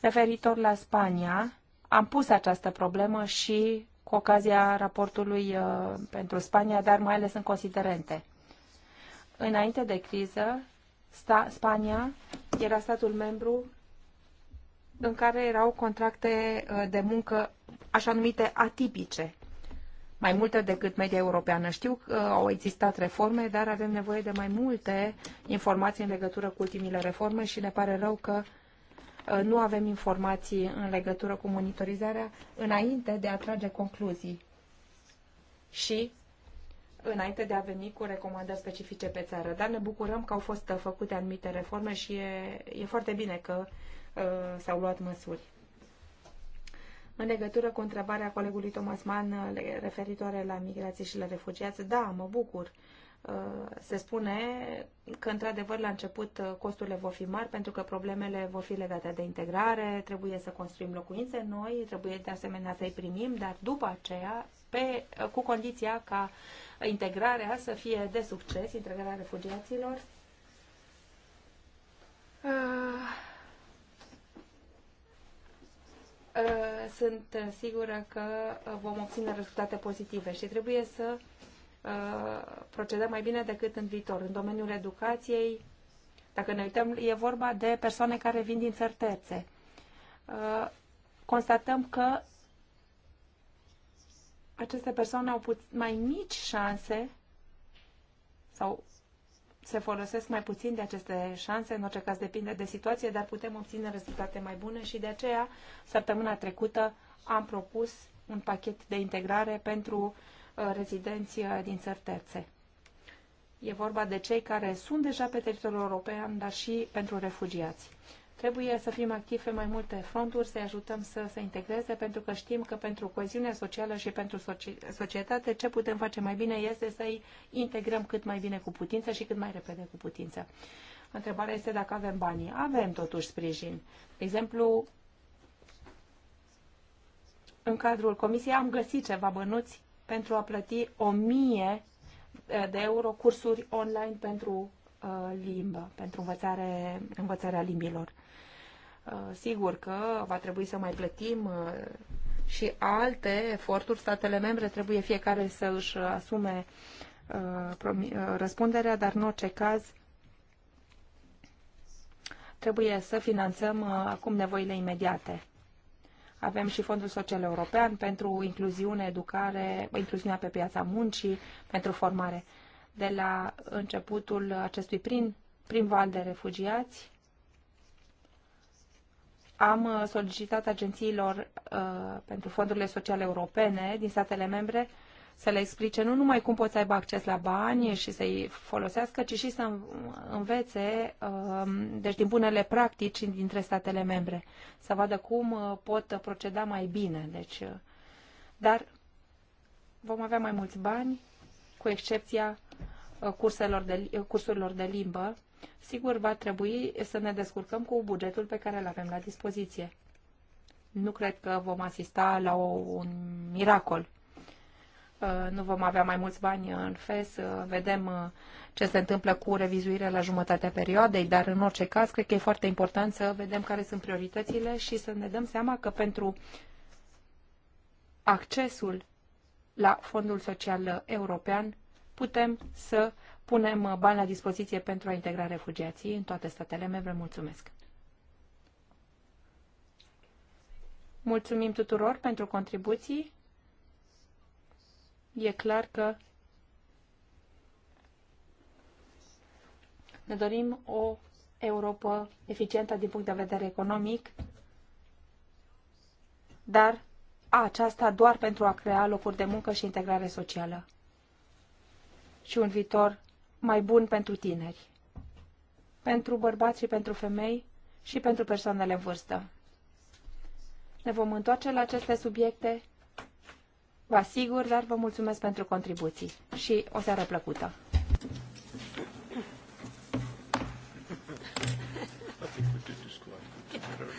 Referitor la Spania, am pus această problemă și cu ocazia raportului uh, pentru Spania, dar mai ales în considerente. Înainte de criză, Spania era statul membru în care erau contracte uh, de muncă așa numite atipice, mai multe decât media europeană. Știu că uh, au existat reforme, dar avem nevoie de mai multe informații în legătură cu ultimile reforme și ne pare rău că uh, nu avem informații în legătură cu monitorizarea înainte de a trage concluzii și înainte de a veni cu recomandări specifice pe țară. Dar ne bucurăm că au fost făcute anumite reforme și e, e foarte bine că Uh, s-au luat măsuri. În legătură cu întrebarea colegului Thomas Mann uh, referitoare la migrație și la refugiați, da, mă bucur. Uh, se spune că, într-adevăr, la început costurile vor fi mari pentru că problemele vor fi legate de integrare, trebuie să construim locuințe noi, trebuie de asemenea să-i primim, dar după aceea, pe, cu condiția ca integrarea să fie de succes, integrarea refugiaților. Uh Uh, sunt uh, sigură că uh, vom obține rezultate pozitive și trebuie să procedăm mai bine decât în viitor. În domeniul educației, dacă ne uităm, e vorba de persoane care vin din țări terțe. Constatăm că aceste persoane au mai mici șanse sau se folosesc mai puțin de aceste șanse, în orice caz depinde de situație, dar putem obține rezultate mai bune și de aceea, săptămâna trecută, am propus un pachet de integrare pentru uh, rezidenți uh, din țări terțe. E vorba de cei care sunt deja pe teritoriul european, dar și pentru refugiați. Trebuie să fim activi pe mai multe fronturi, să-i ajutăm să se integreze, pentru că știm că pentru coeziunea socială și pentru societate ce putem face mai bine este să-i integrăm cât mai bine cu putință și cât mai repede cu putință. Întrebarea este dacă avem banii. Avem totuși sprijin. De exemplu, în cadrul comisiei am găsit ceva bănuți pentru a plăti 1000 eh, de euro cursuri online pentru uh, limbă, pentru învățare, învățarea limbilor. Uh, sigur că va trebui să mai plătim uh, și alte eforturi. Statele membre trebuie fiecare să își asume uh, răspunderea, dar în orice caz trebuie să finanțăm acum nevoile imediate. Avem și Fondul Social European pentru incluziune, educare, incluziunea pe piața muncii, pentru formare. De la începutul acestui prim, prim val de refugiați, am uh, solicitat agențiilor uh, pentru fondurile sociale europene din statele membre să le explice nu numai cum pot să aibă acces la bani și să-i folosească, ci și să învețe, um, deci din bunele practici dintre statele membre, să vadă cum uh, pot proceda mai bine. Deci, dar vom avea mai mulți bani, cu excepția curselor de, cursurilor de limbă, sigur va trebui să ne descurcăm cu bugetul pe care îl avem la dispoziție. Nu cred că vom asista la o, un miracol. Uh, nu vom avea mai mulți bani în FES, uh, vedem uh, ce se întâmplă cu revizuirea la jumătatea perioadei, dar în orice caz cred că e foarte important să vedem care sunt prioritățile și să ne dăm seama că pentru accesul la Fondul Social European putem să uh, punem uh, bani la dispoziție pentru a integra refugiații în toate statele membre. Mulțumesc! Mulțumim tuturor pentru contribuții. E clar că ne dorim o Europa eficientă din punct de vedere economic, dar aceasta doar pentru a crea locuri de muncă și integrare socială și un viitor mai bun pentru tineri, pentru bărbați și pentru femei și pentru persoanele în vârstă. Ne vom întoarce la aceste subiecte, vă asigur, dar vă mulțumesc pentru contribuții și o seară plăcută!